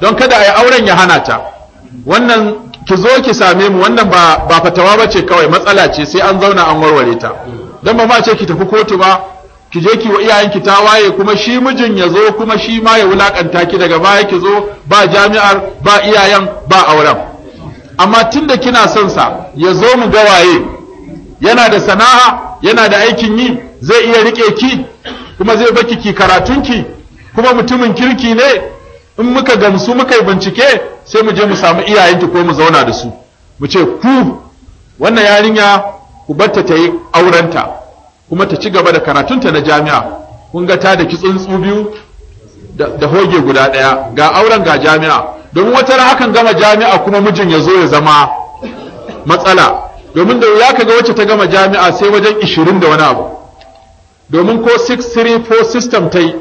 don kada a yi auren ya hana ta wannan ki zo ki same mu wannan ba ba fatawa bace kawai matsala ce sai an zauna an warware ta dan ba ma ce ki tafi kotu ba ki je ki wa iyayen ki tawaye kuma shi mijin ya zo kuma shi ma ya wulakanta ki daga baya ki zo ba jami'ar ba iyayen ba auren amma tunda kina son sa ya zo mu ga waye yana da sana'a yana da aikin yi zai iya rike ki kuma zai baki ki karatun ki, kuma mutumin kirki ne in muka gamsu muka yi bincike sai mu je mu samu iyayenta ko mu zauna da su mu ce ku wannan yarinya ku barta ta yi aurenta kuma ta ci gaba da karatunta na jami'a kun ga ta da kitsuntsu biyu da hoge guda ɗaya ga auren ga jami'a domin wata hakan gama jami'a kuma mijin ya zo ya zama matsala domin da ya kaga wacce ta gama jami'a sai wajen 20 da wani abu domin ko 634 system ta yi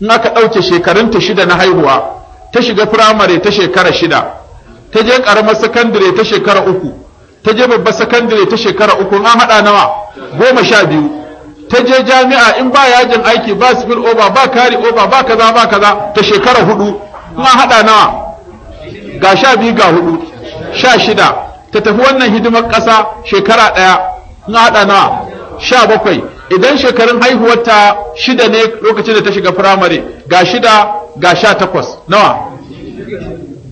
in aka ɗauke shekarun ta shida na haihuwa ta shiga firamare ta shekara shida ta je ƙaramar sakandare ta shekara uku ta je babbar sakandare ta shekara uku na haɗa nawa goma sha biyu ta je jami'a in ba yajin aiki ba spill oba ba kari over ba kaza ba kaza ta shekara hudu na haɗa nawa ga sha biyu ga hudu sha shida ta tafi wannan hidimar ƙasa shekara ɗaya na haɗa nawa sha bakwai idan shekarun haihuwarta shida ne lokacin da ta shiga firamare ga shida ga sha takwas nawa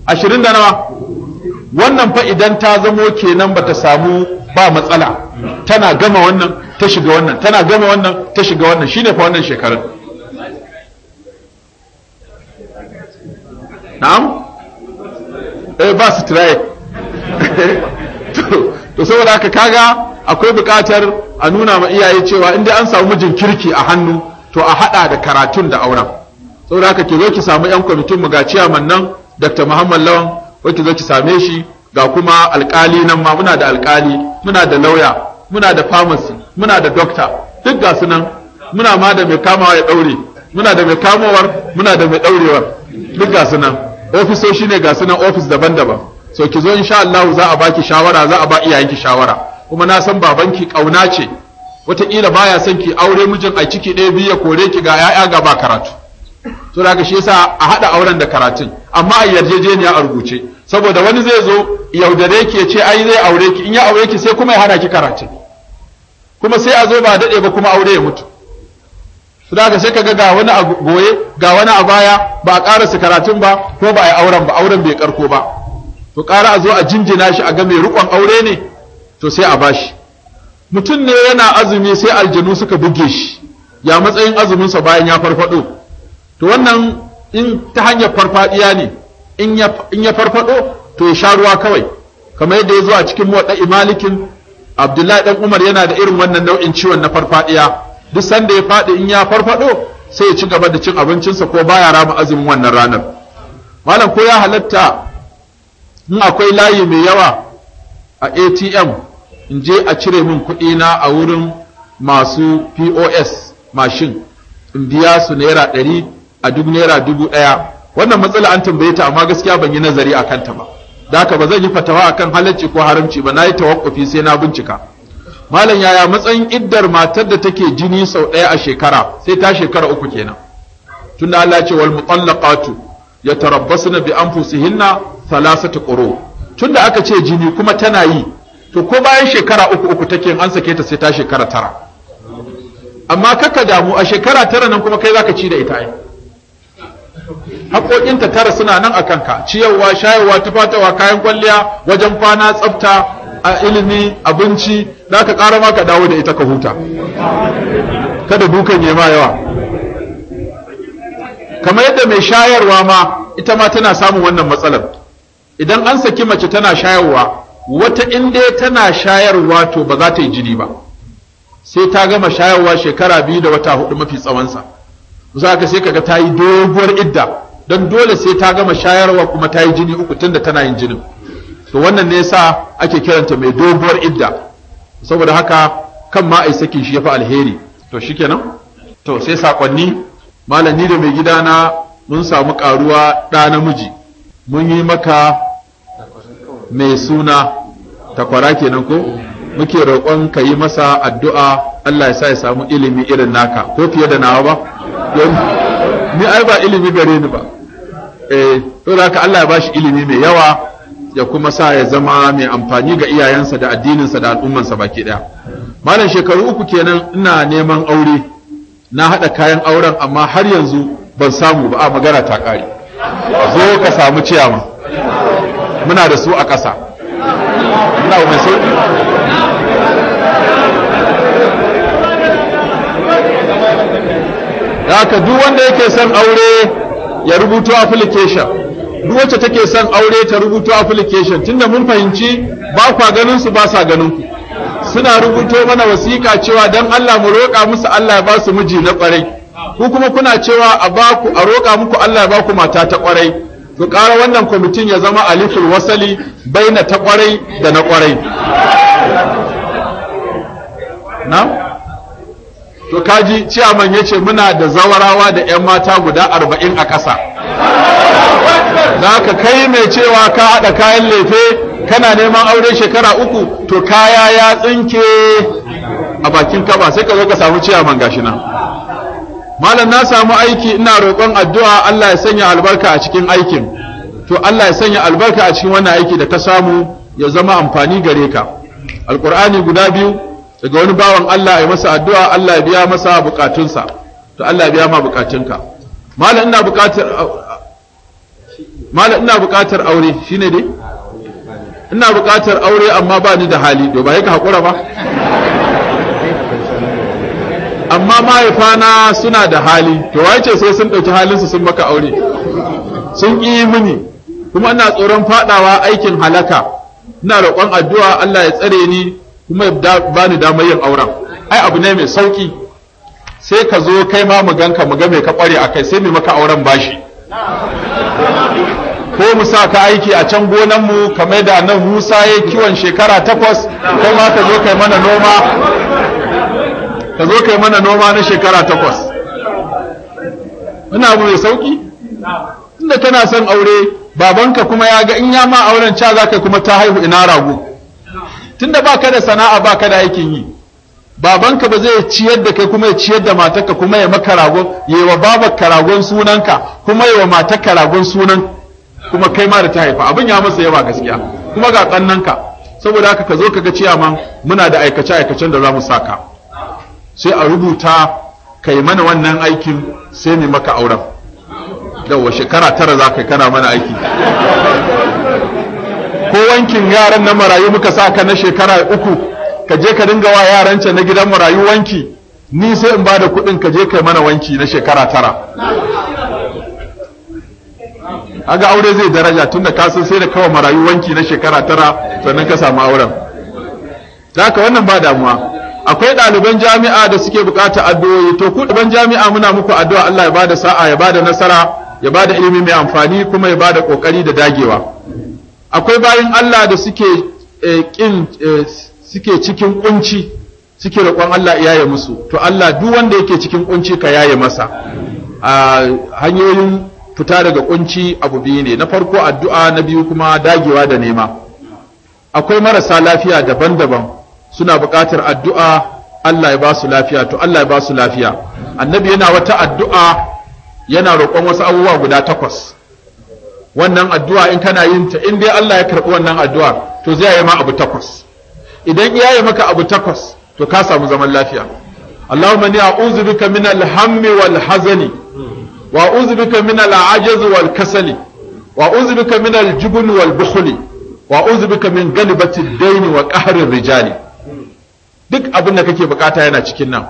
ashirin da nawa wannan fa idan ta zamo kenan ta samu ba matsala tana gama wannan ta shiga wannan tana gama wannan ta shiga wannan shine fa wannan shekarun na'am eh ba su tiraye to saboda haka kaga akwai buƙatar a nuna ma iyaye cewa in dai an samu mijin kirki a hannu to a haɗa da karatun da auren saboda haka ke zo ki samu yan kwamitin mu ga ciyaman nan Dr. Muhammad Lawan ki zo ki same shi ga kuma alƙali nan ma muna da alƙali muna da lauya muna da pharmacy muna da doctor duk ga su nan muna ma da mai kamawa ya daure. muna da mai kamawar muna da mai daurewar. duk ga su nan ofisoshi ne ga su nan ofis daban-daban so ki zo insha Allah za a baki shawara za a ba ki shawara kuma na san babanki ƙauna ce wataƙila baya son ki aure mijin a ciki ɗaya biyu ya kore ki ga 'ya'ya ga ba karatu to da shi yasa a haɗa auren da karatun amma a yarjejeniya a rubuce saboda wani zai zo yaudare ki ya ce ai zai aure ki in ya aure ki sai kuma ya hana ki karatun kuma sai a zo ba daɗe ba kuma aure ya mutu su da sai kaga ga wani a goye ga wani a baya ba a ƙarasa karatun ba ko ba a yi auren ba auren bai karko ba to ƙara a zo a jinjina shi a ga mai riƙon aure ne to sai a bashi mutum ne yana azumi sai aljanu suka buge shi ya matsayin azuminsa bayan ya farfado to wannan in ta hanyar farfadiya ne in ya farfado to ya sha ruwa kawai kamar yadda ya zo a cikin muwadda imalikin abdullahi dan umar yana da irin wannan nau'in ciwon na farfadiya duk sanda ya faɗi in ya farfado sai ya ci gaba da cin abincinsa ko baya rama azumin wannan ranar malam ko ya halatta in akwai layi mai yawa a atm in je a cire min kuɗi na a wurin masu pos mashin in biya su naira ɗari a duk naira dubu ɗaya wannan matsala an tambaye ta amma gaskiya ban yi nazari a kanta ba da haka ba zan yi fatawa a kan halarci ko haramci ba na yi tawakkufi sai na bincika malam yaya matsayin iddar matar da take jini sau ɗaya a shekara sai ta shekara uku kenan tunda Allah ce wal mutallaqatu yatarabbasna bi anfusihinna thalathatu quru tunda aka ce jini kuma tana yi to ko bayan shekara uku uku take an sake ta sai ta shekara tara amma kaka damu a shekara tara nan kuma kai zaka ci da ita ai ta tara suna nan akan ka, ciyarwa shayarwa tufatawa kayan kwalliya wajen kwana tsafta a ilimi abinci za ka ƙara ma ka dawo da ita ka huta kada dukan ya ma yawa kamar yadda mai shayarwa ma ita ma tana samun wannan matsalar idan an saki mace tana shayarwa wata inda tana shayarwa to ba za ta yi jini ba sai ta gama shayarwa shekara biyu da wata hudu mafi tsawonsa za ka sai kaga ta yi doguwar idda don dole sai ta gama shayarwa kuma ta yi jini uku tunda tana yin jinin to wannan ne yasa ake kiranta mai doguwar idda saboda haka kan ma ai sakin shi yafi alheri to shikenan to sai sakonni malami da mai gidana mun samu karuwa ɗa namiji mun yi maka mai suna takwara kenan ko muke roƙon ka yi masa addu'a Allah ya sa ya samu ilimi irin naka ko fiye da nawa ba ni ai ba ilimi gare ni ba eh to haka Allah ya bashi ilimi mai yawa ya kuma sa ya zama mai amfani ga iyayensa da addininsa da al'ummansa baki daya malam shekaru uku kenan ina neman aure na haɗa kayan auren amma har yanzu ban samu ba a magana ta ƙare zo ka samu ciyama muna da su a ƙasa muna mai haka duk wanda yake son aure ya rubuto application duk wacce take son aure ta rubuto application tunda mun fahimci ba kwa ganin su ba sa ganin ku suna rubuto mana wasiƙa cewa don Allah mu roƙa musu Allah ya ba su miji na ƙwarai ku kuma kuna cewa a a roƙa muku Allah ya ba ku mata ta ƙwarai Ku ƙara wannan kwamitin ya zama alifin wasali bai na ta ƙwarai da na ƙwarai na? to kaji ciyaman ya ce muna da zawarawa da 'yan mata guda arba'in a ƙasa Na ka kai mai cewa ka haɗa kayan lefe kana neman aure shekara uku to kaya ya tsinke a bakin kaba sai ka zo ka samu ciyaman gashi nan malam na samu aiki ina roƙon addu'a Allah ya sanya albarka a cikin aikin to Allah ya sanya albarka a cikin wannan aiki da ka samu ya zama amfani gare ka alqur'ani guda biyu daga wani bawan Allah ya masa addu'a Allah ya biya masa bukatunsa to Allah ya biya ma bukatunka malam ina bukatar malam ina bukatar aure shine dai ina bukatar aure amma ba ni da hali to ba yake hakura ba amma mahaifana suna da hali to wai sai sun ɗauki halinsu sun maka aure sun ƙi mini kuma ina tsoron faɗawa aikin halaka ina roƙon addu'a Allah ya tsare ni kuma ya bani damar yin auren ai abu ne mai sauki sai ka zo kai ma mu ganka mu ga me ka kware akai sai mu maka auren bashi ko mu sa ka aiki a can gonan mu kamar da nan Musa ya kiwon shekara takwas kai ma ka zo kai mana noma ka zo kai mana noma na shekara takwas Ina abu mai sauki inda tana son aure babanka kuma ya ga in ya ma auren ca za ka kuma ta haihu ina rago tunda ba ka da sana'a ba ka da aikin yi babanka ba zai ciyar da kai kuma ya ciyar da matarka kuma ya maka ragon ya yi wa babar ragon sunanka kuma ya wa matar ragon sunan kuma kai ma da ta haifa abin ya masa yawa gaskiya kuma ga ƙannanka saboda haka ka zo ka ga ciyaman muna da aikace-aikacen da za mu saka sai a rubuta kai mana wannan aikin sai ne maka auren wa shekara tara za ka kana mana aiki ko wankin yaran na marayu muka sa ka na shekara uku ka je ka dinga wa yaran can na gidan marayu wanki ni sai in bada kuɗin ka je kai mana wanki na shekara tara aga aure zai daraja tunda ka san sai da kawai marayu wanki na shekara tara sannan ka samu auren da haka wannan ba damuwa akwai ɗaliban jami'a da suke bukata addu'o'i to ku ɗaliban jami'a muna muku addu'a Allah ya bada sa'a ya bada nasara ya bada ilimi mai amfani kuma ya bada kokari da dagewa akwai bayin Allah da suke kin eh, eh, suke cikin kunci suke roƙon Allah ya yaye musu to Allah duk wanda yake cikin kunci ka yaye masa a hanyoyin fita daga kunci abu biyu ne na farko addu'a na biyu kuma dagewa da nema akwai marasa lafiya daban-daban suna buƙatar addu'a Allah ya ba su lafiya to Allah ya ba su lafiya annabi yana wata addu'a yana roƙon wasu abubuwa guda takwas wannan addu'a in kana yin ta in dai Allah ya karɓi wannan addu'a to zai yi ma abu takwas idan iya yi maka abu takwas to ka samu zaman lafiya Allahumma ni a'udhu bika min al-hammi wal hazani wa a'udhu bika min al-ajaz wal kasali wa a'udhu bika min al-jubn wal bukhli wa a'udhu bika min galibati ad-dayn wa qahri ar-rijali duk abin da kake bukata yana cikin nan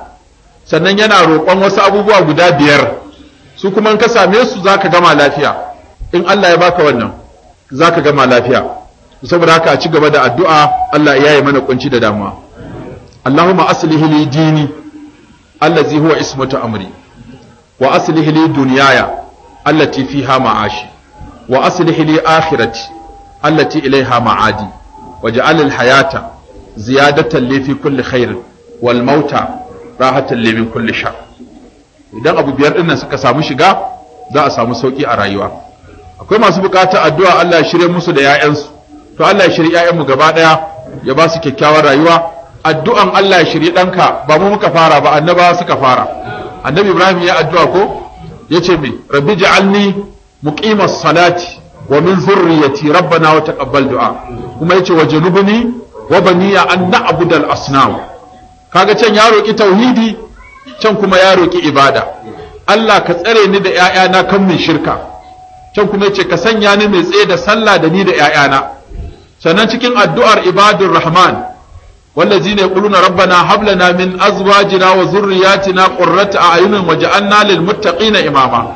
sannan yana roƙon wasu abubuwa guda biyar su kuma in ka same su zaka gama lafiya in Allah ya baka wannan za ka gama lafiya saboda haka a ci gaba da addu'a Allah ya yi mana kunci da damuwa Allahumma aslih li dini allazi huwa ismatu amri wa aslih li dunyaya allati fiha ma'ashi wa aslih li akhirati allati ilaiha ma'adi waj'al al hayata ziyadatan li fi kulli khair wal mauta rahatan li kulli shar idan abu biyar dinnan suka samu shiga za a samu sauki a rayuwa akwai masu bukata addu'a Allah ya shirye musu da 'ya'yansu. to Allah ya shirye mu gaba daya ya ba su kyakkyawar rayuwa addu'an Allah ya shirye danka ba mu muka fara ba annaba suka fara annabi Ibrahim ya addu'a ko yace me rabbi ja'alni muqimas salati wa min zurriyati rabbana wa taqabbal du'a kuma yace wajnubni wa baniya an na'budal asnam kaga can ya roki tauhidi can kuma ya roki ibada Allah ka tsare ni da ƴaƴana kan min shirka can kuma yace ka sanya ni mai tsaye da sallah da ni da ƴaƴana sannan cikin addu'ar ibadur rahman والذين يقولون ربنا هب لنا من ازواجنا وذرياتنا قرة اعين واجعلنا للمتقين اماما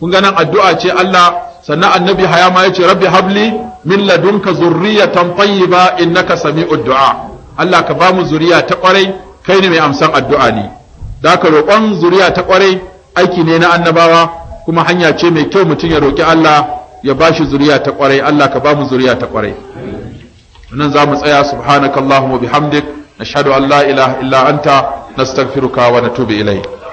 kun ganin addu'a ce Allah sannan annabi haya ma yace rabbi habli min ladunka zurriyatan tayyiba innaka sami'ud du'a Allah ka bamu zuriya ta kwarai kai ne mai amsan addu'a ne da ka roƙon zuriya ta kwarai aiki ne na annabawa kuma hanya ce mai kyau mutum ya roƙi Allah ya bashi shi zuriya ta kwarai Allah ka bamu zuriya ta kwarai nan za mu tsaya subhanakallahumma bihamdik nashhadu an la ilaha illa anta nastaghfiruka wa natubu ilayk